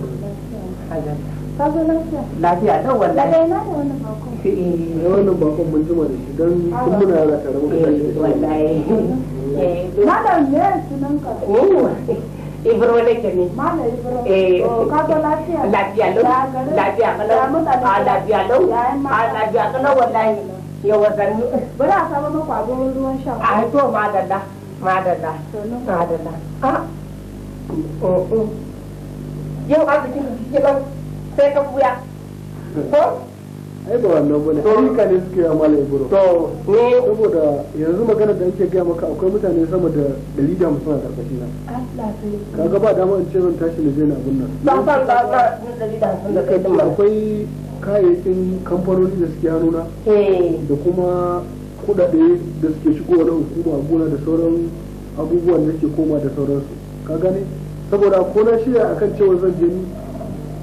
Speaker 1: ka lafiya lafiya dan wallahi daga ina ne bakon eh wannan
Speaker 3: bakon mun jima da shi dan kun muna yara tare muka tashi eh,
Speaker 5: wallahi eh ne sunan ka oh ibro ne ke ne malam ibro eh oh, ka zo lafiya lafiya lau lafiya kalau a ah, lafiya lau ah, lafiya kalau wallahi yawa sannu bari a samu maku abin ruwan sha a to madalla madalla madalla a yau arzikin ka kike ban sai ka buya
Speaker 3: ko ai ba wannan bane to ka ne suke yawa malai buro to ne saboda yanzu magana da ake gaya maka akwai mutane sama da 150 a karkashin
Speaker 4: nan kaga ba
Speaker 3: dama in ce zan tashi na je na abin nan
Speaker 1: ba ba ba 150 da kai din
Speaker 3: akwai kayayyakin kamfanoni da suke hannuna eh. da kuma kudade da suke shigowa na hukuma gona da sauran abubuwan da ke koma da sauransu ka gane saboda ko na shirya akan cewa zan je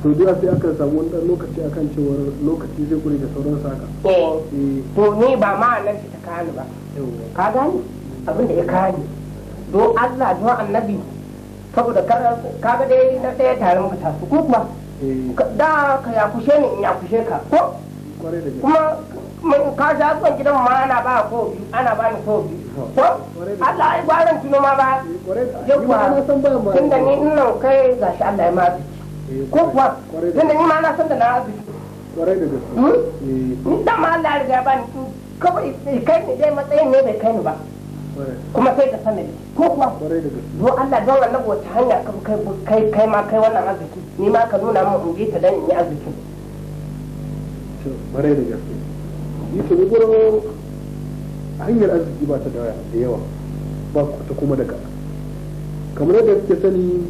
Speaker 3: to da sai aka samu wani dan lokaci akan cewa lokaci zai kure da sauran saka
Speaker 4: eh. eh.
Speaker 1: to ni ba ma nan ta kani ba ka gani? abin da ya kani don Allah don annabi saboda kaga dai na ɗaya tare muka tasu ko kuma da ka ya kushe ni in ya kushe ka ko kuma mun ka sha zuwan gidan ma ana ba ko biyu ana ba ni ko biyu ko Allah ai gwaran tuno ma ba eh, yawa tunda ni ina kai gashi Allah ya ma bi eh, ko kuwa tunda ni ma na san da na arziki kwarai da hmm? eh. ma Allah ya riga ba ni kawai kai ni dai matsayin ne bai kai ni ba kuma sai ka sanadi ko kuwa don Allah don Allah wata hanya ka kai kai kai ma kai wannan arziki ni ma ka nuna min in bi ta dan in yi arziki
Speaker 3: to bare da gaske ni to gurin hanyar arziki ba ta da yawa ba ta kuma daga kamar yadda kake sani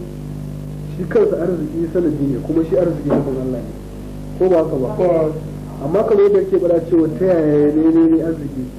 Speaker 3: shi kansa arziki sanadi ne kuma shi arziki na Allah ne ko ba haka ba amma kamar yadda kake bada cewa ta yaya ne ne arziki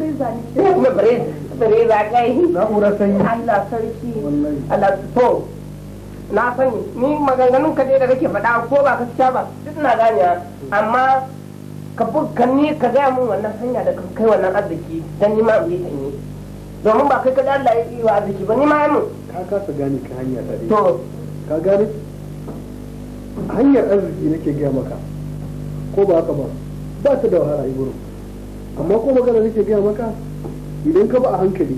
Speaker 5: friza ne
Speaker 1: Allah sarki Allah to na sani ni maganganun ka dai da kake faɗa ko ba gaskiya ba duk na gane amma ka ni ka gaya mun wannan hanya da kai wannan arziki dan ni ma in yi sanyi domin ba kai ka da Allah ya yi wa arziki ba ni ma mun
Speaker 3: ka kasa gane ka hanya ta to ka gane hanyar arziki nake gaya maka ko ba haka ba ba ta da wahala yi amma ko magana nake gaya maka idan ka ba a hankali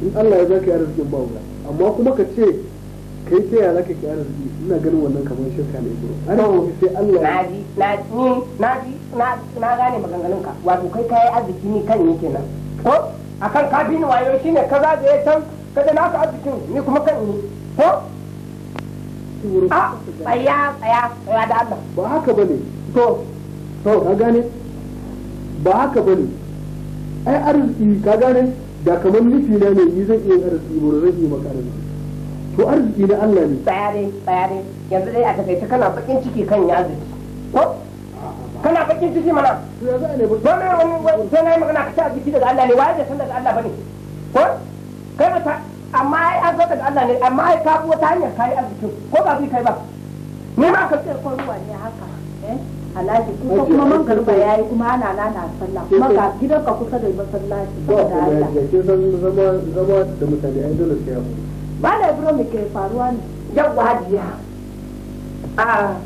Speaker 3: in Allah ya zaka yi arzikin ba wuya amma kuma ka ce kai ta yara ka yi arziki ina ganin wannan kamar shirka ne bro arziki
Speaker 1: sai Allah ya ji na ni na ji na na gane maganganun ka wato kai kai arziki ni kan ni kenan ko akan ka bi ni wayo shine ka za ya can ka da naka arzikin ni kuma kan ni ko a
Speaker 5: tsaya tsaya tsaya da Allah
Speaker 1: ba haka bane to to ka gane
Speaker 3: ba haka bane ai arziki ka gane da kamar nufi na ne
Speaker 1: ni zan iya arziki ba zan iya maka arziki to arziki na Allah ne tsayare tsayare yanzu dai a takaice kana bakin ciki kan ya arziki ko kana bakin ciki mana to yanzu ne ba mai wani sai na yi magana ka ci arziki daga Allah ne waye da san daga Allah bane ko kai mata ta amma ai an zo daga Allah ne amma ai ka wata hanyar kai arziki ko ba kai ba
Speaker 5: ni ma ka ce ko ruwa ne haka eh Alaji kuma kuma man garba ya yi kuma ana na sallah kuma ga gidan ka kusa da masallaci saboda Allah
Speaker 3: zama da mutane ai dole sai hakuri
Speaker 5: ba da ibro me ke faruwa ne yawwa hajiya
Speaker 1: a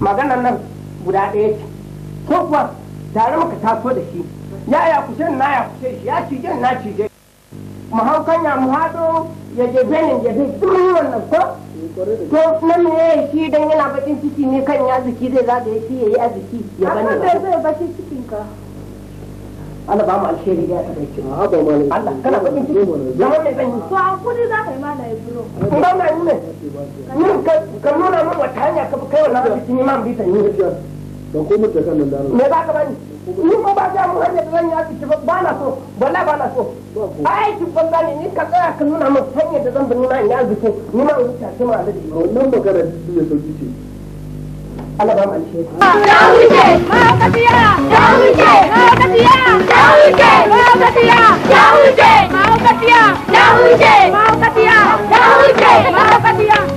Speaker 1: maganar nan guda ɗaya ce ko kuwa tare muka taso da shi ya ya kushe na ya kushe shi ya cije na cije mu hau kanya mu haɗo ya je benin ya je duk wannan ko to nan ne ya yi don yana bakin ciki ne kan ya ziki zai za da ya ci ya yi aziki ya bane ba zai
Speaker 5: bakin cikin ka
Speaker 1: Allah ba mu alheri ya tsare ki a ba malai Allah kana bakin ciki ya wani zan yi
Speaker 5: to a kudi za ka yi malai bro ba mai ne ni ka
Speaker 1: ka nuna min wata hanya ka kai wannan bakin ni ma bi ta ni Ba ko mutaka nan da me za ka bani ni ko ba ga mu hanyar zan ya fiti ba ba na so ba na so ne ni ka tsaya ka nuna min hanyar da zan bi nuna ni ma in ta ma da wannan magana duk ya sauki ce Allah ba mu alheri ta
Speaker 5: ah, wuce ma ka tiya ta wuce ma ka tiya ta wuce ma ka tiya ta wuce ma
Speaker 4: ka tiya wuce ma ka tiya wuce ma ka tiya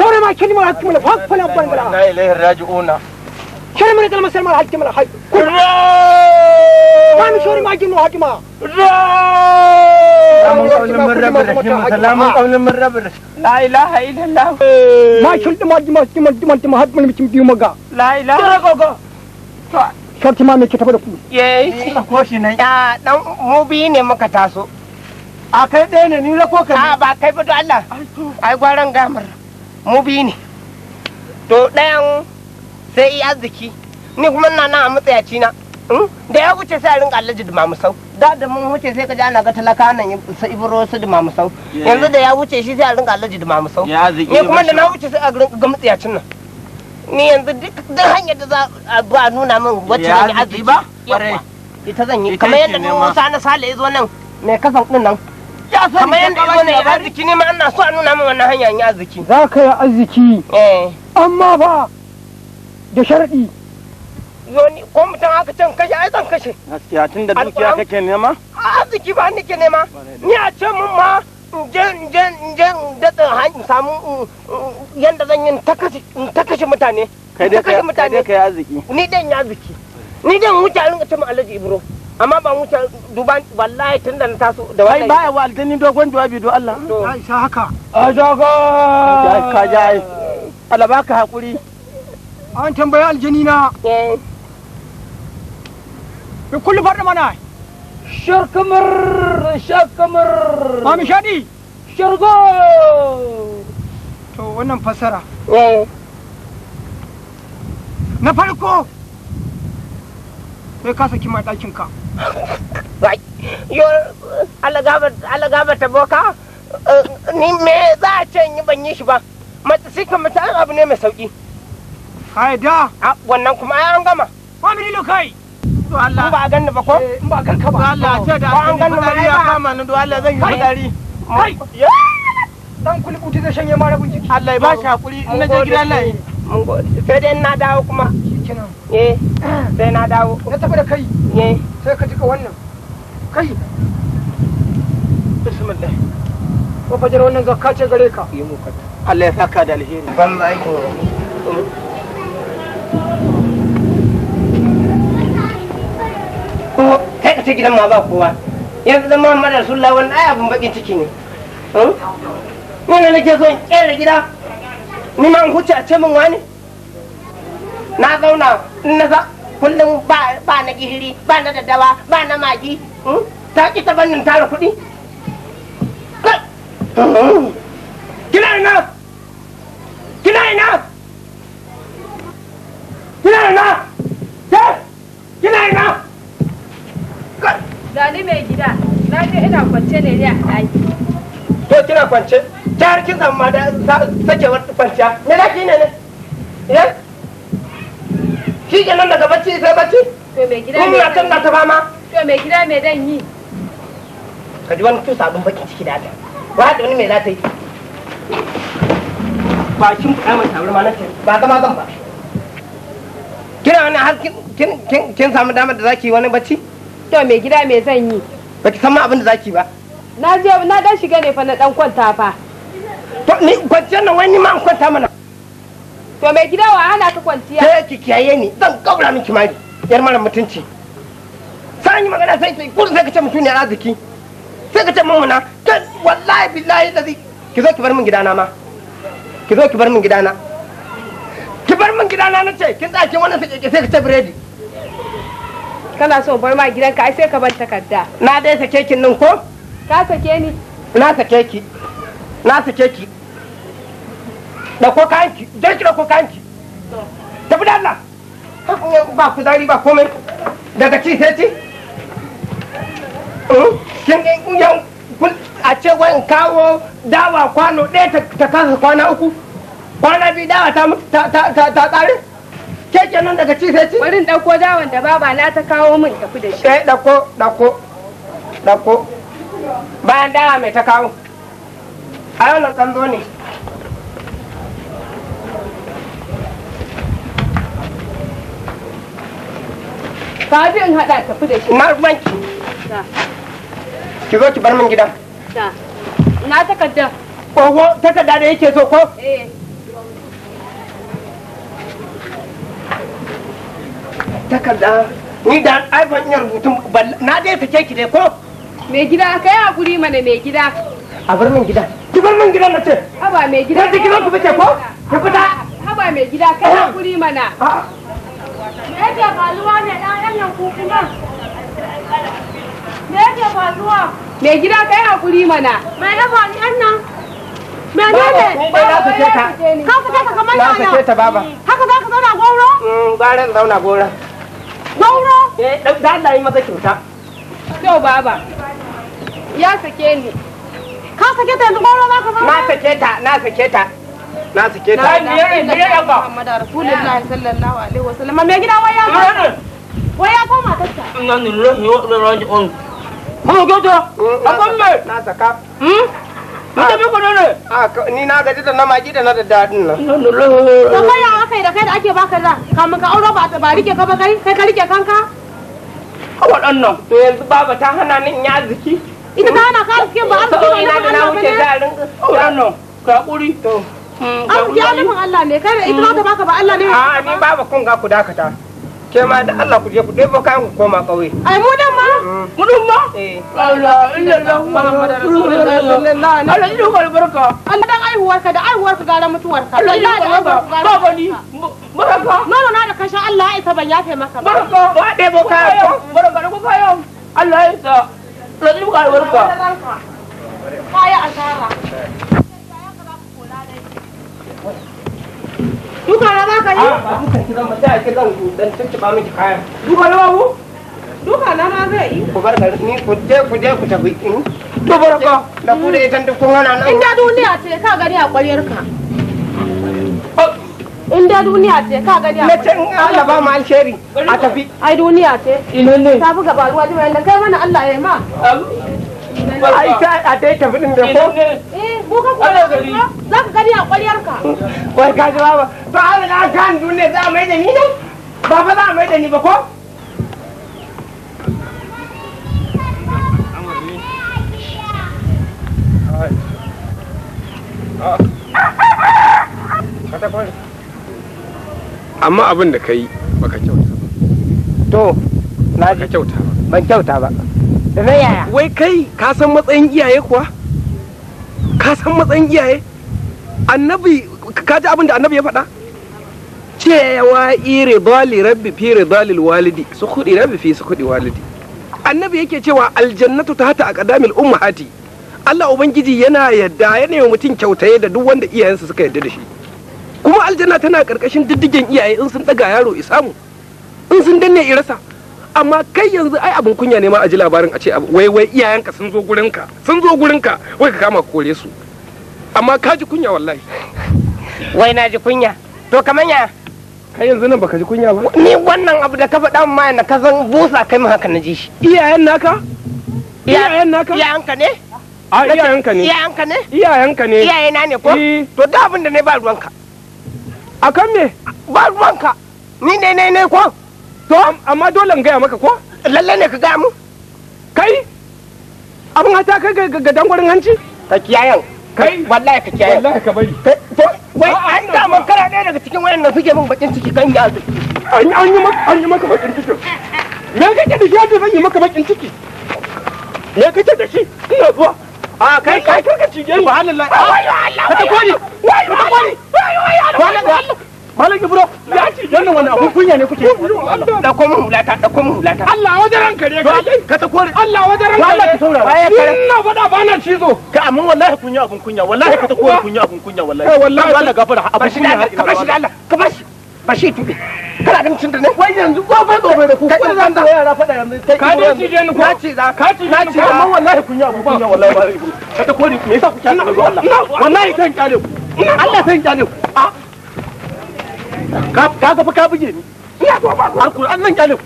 Speaker 1: سوري ما كلمة ولا كلمة فوق ولا أبوان
Speaker 2: ولا إنا إليه الراجعون
Speaker 1: كلمة رجل مسير ما لها كلمة لها ما مشوري ما جنوا هاجمة سلام قول من ربر لا إله إلا الله ما شلت ما جمع جمع جمع جمع هاد من بيتم ديوم جا لا إله ترى Sarki ma me ke tafi da ku? Ye, ko shi nan. Ya, dan mu biyu ɗaya ne ni rako ka. A ba kai ba da Allah. Ai gwaran gamar. mu biyu ne to ɗayan sai yi arziki ni kuma na na a matsayaci na hmm? da ya wuce sai a rinka alaji da mamusau da da mun wuce sai ka ji ana ga talaka nan su ibro su da mamusau yanzu da ya wuce shi sai a rinka alaji da mamusau ni kuma da na wuce sai a rinka ga matsayacin nan ni yanzu duk hanyar da za a nuna min wacce ne arziki ba ita zan yi kamar yadda musa na sale ya zo nan mai kasan din nan ka so kamar yadda izo ne arziki ne ma ana so a nuna min wannan hanya in arziki za ka yi arziki eh. amma ba da sharadi zo ni ko mutum aka can kashe ai zan kashe gaskiya tun da dukiya kake nema arziki ba nake nema ni a ce mun ma in je in je in datsa hanyar samu yadda zan yi in ta kashe mutane kai dai kai arziki ni dan yi arziki ni dan wuce a rinka ce mu alhaji ibro amma ban wuce duban wallahi tun da na taso da wallahi baya wa aljani dogon jawabi do Allah sha haka Aisha haka ka jai Allah baka hakuri an tambaye aljani na eh. ku kullu farda mana shirkumur sharkamar ba mi shadi shirgo to wannan fasara eh. na farko sai ka saki ma ɗakin ka alagaba ta boka uh, ni me za a ce yi ban yi shi ba mata kan mutu an abu ne mai sauki kai da wannan kuma ai an gama family lo kai to Allah ba gan ba ko eh, ba gan ka ba Allah ce da an gan ba ya kama ni to Allah zan yi fadari kai dan kuli kulkuti zai shanye mara bunjiki Allah ya ba shi hakuri ina je gidan nan mun gode sai dai na dawo kuma kenan eh sai na dawo na tafi da kai eh sai ka jika wannan kai bismillah ko fajar wannan zakka ce gare ka yi mu Allah ya saka da alheri ban aikin ko kai ka ce gidan ma ba kowa yanzu zama Muhammad Rasulullah wannan ai abun bakin ciki ne wannan hmm? nake so in kera gida ni ma an huce a ce min wani na zauna na za kullum ba na gishiri ba na daddawa ba na magi hmm? ta ki ta bannin tara kuɗi kina ina kina ina kina ina kina ina
Speaker 5: gani mai gida na ga ina kwance ne ne a ɗaki
Speaker 1: to kina kwance ta har kin amma da sakewar kwanciya ne na ne eh? ne shi kenan daga bacci sai bacci
Speaker 5: to mai gida mai dan na ta fama to mai gida mai dan yi
Speaker 1: ka ji wani kusa abin bakin ciki da ta
Speaker 5: ba da wani mai za ta yi
Speaker 1: ba kin kuɗa mai tawar ma nace ba zama zan ba kina wani har kin kin samu damar da zaki wani bacci
Speaker 5: to mai gida mai zan yi
Speaker 1: baki san ma abin da zaki ba
Speaker 5: na je na dan shiga ne fa na dan kwanta fa
Speaker 1: to ni kwanciyar nan wani ma kwanta mana To mai gida wa
Speaker 5: ana ka kwanciya.
Speaker 1: Sai ki kiyaye ni zan kaura miki mari. Yar mara mutunci. Sai ni magana sai sai kun sai ka ce mutune arziki. Sai ka ce mamuna kai wallahi billahi da ki zo ki bar min gidana ma. Ki zo ki bar min gidana. Ki
Speaker 5: bar min gidana na ce kin tsake wannan sai sai ka ce biredi. Kana so bar ma gidanka ai sai ka bar takarda.
Speaker 1: Na dai sake kin nan ko?
Speaker 5: Ka sake ni.
Speaker 1: Na sake ki. Na sake ki. ɗauko kayanki jan ki kayanki tafi da Allah ba kuzari ba komai daga ci sai ci eh, kin yan a ce wani kawo dawa kwano ɗaya ta kasa kwana uku kwana biyu dawa ta tsare
Speaker 5: ke kenan daga ci sai ci bari in ɗauko dawan da baba na ta kawo min tafi da shi eh ɗauko ɗauko
Speaker 1: ɗauko bayan dawa mai ta kawo
Speaker 5: a yau na kanzo ne Ka bi in haɗa tafi da shi. Marbanki.
Speaker 1: Ki zo ki bar min gida.
Speaker 5: Na takarda. Oho takarda da yake so ko?
Speaker 4: Eh.
Speaker 1: Takarda. Ni da ai ban iya rubutun na dai sake ki dai ko?
Speaker 5: Mai gida kai hakuri mana mai gida.
Speaker 1: A bar min gida. Ki bar min gida na ce.
Speaker 5: Haba mai gida. Kai ki zo ku fice ko? Ki fita. Haba mai gida kai hakuri mana. A'a. Me yake faruwa ne dan nan kukuma. Me yake faruwa? me gida kai hakuri mana. Me ya faru ɗan nan?
Speaker 4: Menene? Ba na fice ta.
Speaker 5: Ka ku ta kamar yana. Ka fice ta baba.
Speaker 1: Haka za ka zauna goro? Mm, gara in zauna goro. Goro? Eh, da Allah yi maza kyauta. yau
Speaker 5: baba. Ya sake ni. Ka sake ta yanzu goro za ka zauna? Na sake ta, na sake ta.
Speaker 1: na sike ta na biyar biyar yabba
Speaker 5: Muhammadu Rasulullahi sallallahu alaihi wasallam me gida waya ma waya ko matarsa
Speaker 1: ina ni lahi wa ina raji on ko godo abon me na saka hmm mun tafi ku ne a ni na gaji da na magi da na da dadin nan to kai ya
Speaker 4: kai
Speaker 5: da kai da ake baka za kamun ka aure ba ba rike ka ba kai kai ka rike kanka
Speaker 1: a waɗannan to yanzu baba ta hana ni in ita ta hana ka arziki ba arziki ba na wuce da rinka waɗannan ka Abu ya nufin Allah ne kai da ita za ta baka ba Allah ne. A'a ni babu kun ga ku dakata. Ke ma da Allah ku je ku ɗebo kayan ku koma ƙauye. Ai mu dan ma? Mm. Mu dan ma? Eh. Allah inna lahu Allah inna hu
Speaker 5: albarka. Allah dan aihuwarka da aihuwarka gara mutuwarka. Allah inna hu albarka. Baba ni baraka. Nono na da kashin Allah ya isa ban yafe maka ba. Baraka. Ba ɗebo kayan ku.
Speaker 1: Baraka da ku Allah ya isa. Allah inna hu albarka.
Speaker 5: Kaya asara.
Speaker 1: Duka na za ka yi? Ah, da na babu? na ma zai yi. Ku bar ni ku je ku je ku tafi. To barka. Da ku da idan duk duniya
Speaker 5: ce ka gani a ƙwaryar ka. in da duniya ce ka gani a na Allah ba mu alheri a tafi ai duniya ce ta buga ruwa jima da kai mana Allah ya ma ai ta a dai tafi din da ko eh ka kula da za ka gani a kwaliyar ka
Speaker 1: wai ka ji baba to na kan da ni ne Baba mai da ni ba ko amma abin da ka yi baka kyauta to ban kyauta ba yaya wai kai ka san matsayin iyaye kuwa ka san matsayin iyaye annabi ka ji abin da annabi ya faɗa cewa iri bali rabbi fi ridalil walidi su kudi rabbi fi su kudi walidi annabi yake cewa aljannatu ta hata a kadamil ummahati Allah ubangiji yana yadda ya nemi mutum kyautaye da duk wanda iyayensa suka yadda da shi kuma aljanna tana karkashin diddigen iyaye in sun daga yaro isamu in sun danne irasa amma kai yanzu ai abin kunya ne ma a ji labarin a ce wai wai iyayenka sun zo gurinka sun zo gurinka wai ka kama kore su amma ka ji kunya wallahi wai na ji kunya to kamar ya kai yanzu nan baka ji kunya ba ni wannan abu da ka faɗa ma na ka zan busa kai mu haka na ji shi iyayen naka iyayen naka iyayenka ne
Speaker 4: a iyayenka ne iyayenka
Speaker 1: ne iyayenka ne iyayena ne ko eh. to da abin da ne ba ruwanka akan me ba ruwanka ni ne ne ne ko to amma dole in gaya maka ko lalle ne ka gaya mu kai abin hata kai ga gurin hanci ka kiyayen kai wallahi ka kiyayen wallahi ka bari wai an ga mun kara ɗaya daga cikin nan suke min bakin ciki kan ya an an yi maka an yi maka bakin ciki me kake da shi zan yi maka bakin ciki me kake da shi ina zuwa a kai kai kai ka cije ni Allah Allah
Speaker 4: Allah Allah
Speaker 1: Malam Ibro, ya ci wannan abun kunya ne kuke. Da komo hulata, da komo hulata. Allah wajen ranka ne ka. Ka ta kore. Allah ranka Allah Ka amma wallahi kunya abun
Speaker 2: kunya, wallahi ka ta kore kunya abun kunya wallahi. wallahi. Allah gafara abun kunya. Ka bashi da
Speaker 1: Allah, ka bashi. Bashi tuɗe. Kana ganin cin da ne? Wai yanzu ko fa gobe da ku. Kai da zan da
Speaker 2: yanzu. Ka ni ko. Ka
Speaker 1: ci Ka ci Amma wallahi kunya abun kunya wallahi ba. Ka ta kore me yasa Allah. Wallahi kan ku. Allah ku. ka ga fa ka buge ni ina to ba Alƙur'an nan kyalif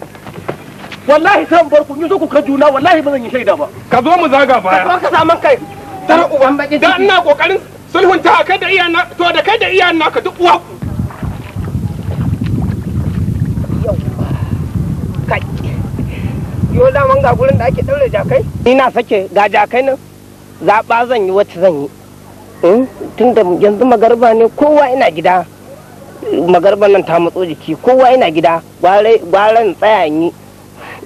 Speaker 1: wallahi san bar ku ni ku ka juna wallahi ba zan yi shaida ba ka zo mu zaga baya ka ka saman kai dar uban baki dan ina kokarin sulhun ta kai da iyana to da kai da iyayen naka duk uwa ku kai yo da man ga gurin da ake daure jakai na sake ga jakai nan zaɓa zan yi wata zan yi eh, tun da yanzu magarba ne kowa ina gida magarban nan ta matso jiki kowa yana gida gwaran tsaya yi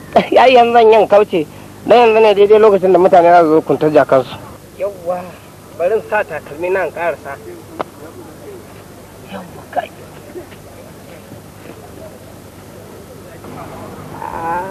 Speaker 1: ai yanzu yan kauce na yanzu ne daidai lokacin da mutane za su zo kuntar jakansu yawwa barin sa takalmi nan karasa Ah.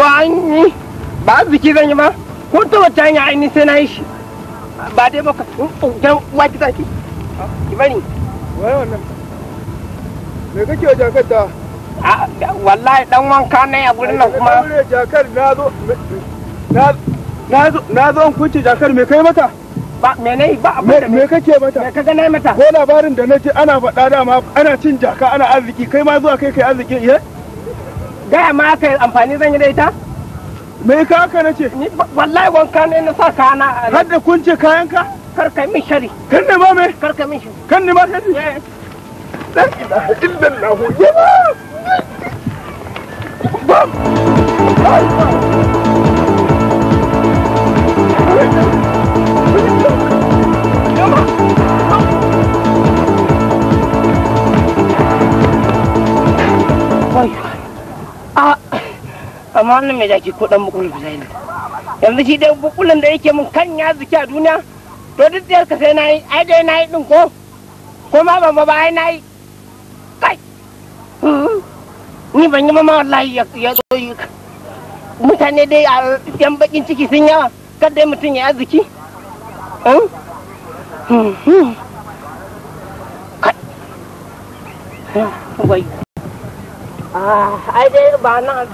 Speaker 1: zo an yi ba arziki zan yi ba ko ta wata hanya ainihin sai na yi shi ba dai ba ka dan waki zaki ki bari wai wannan me kake wa jakar ta wallahi dan wanka na a gurin nan kuma na jakar na zo na zo na zo jakar me kai mata ba me nayi ba abin da me kake mata me kaga nayi mata
Speaker 2: ko labarin da na naji
Speaker 1: ana faɗa dama ana cin jaka ana arziki kai ma zuwa kai kai arziki eh gaya ma aka amfani zan yi da ita me ka haka na ce wallahi wanka ne na sa kana har da kunce kayan ka kar min shari kan ne ba me kar min shari kan ne ba shari eh. la
Speaker 4: ilaha illallah ba Oh, yeah. kamar
Speaker 1: wannan mai jaki ko dan zai ne yanzu shi dai bukulun da yake min kan ya zuki a duniya to duk da ka sai nayi ai dai nayi din ko ko ma ban ba ai nayi kai ni ban yi ma wallahi ya yi mutane dai a yan bakin ciki sun yawa kada mutum ya Hmm. Hmm. Ah, I did banana.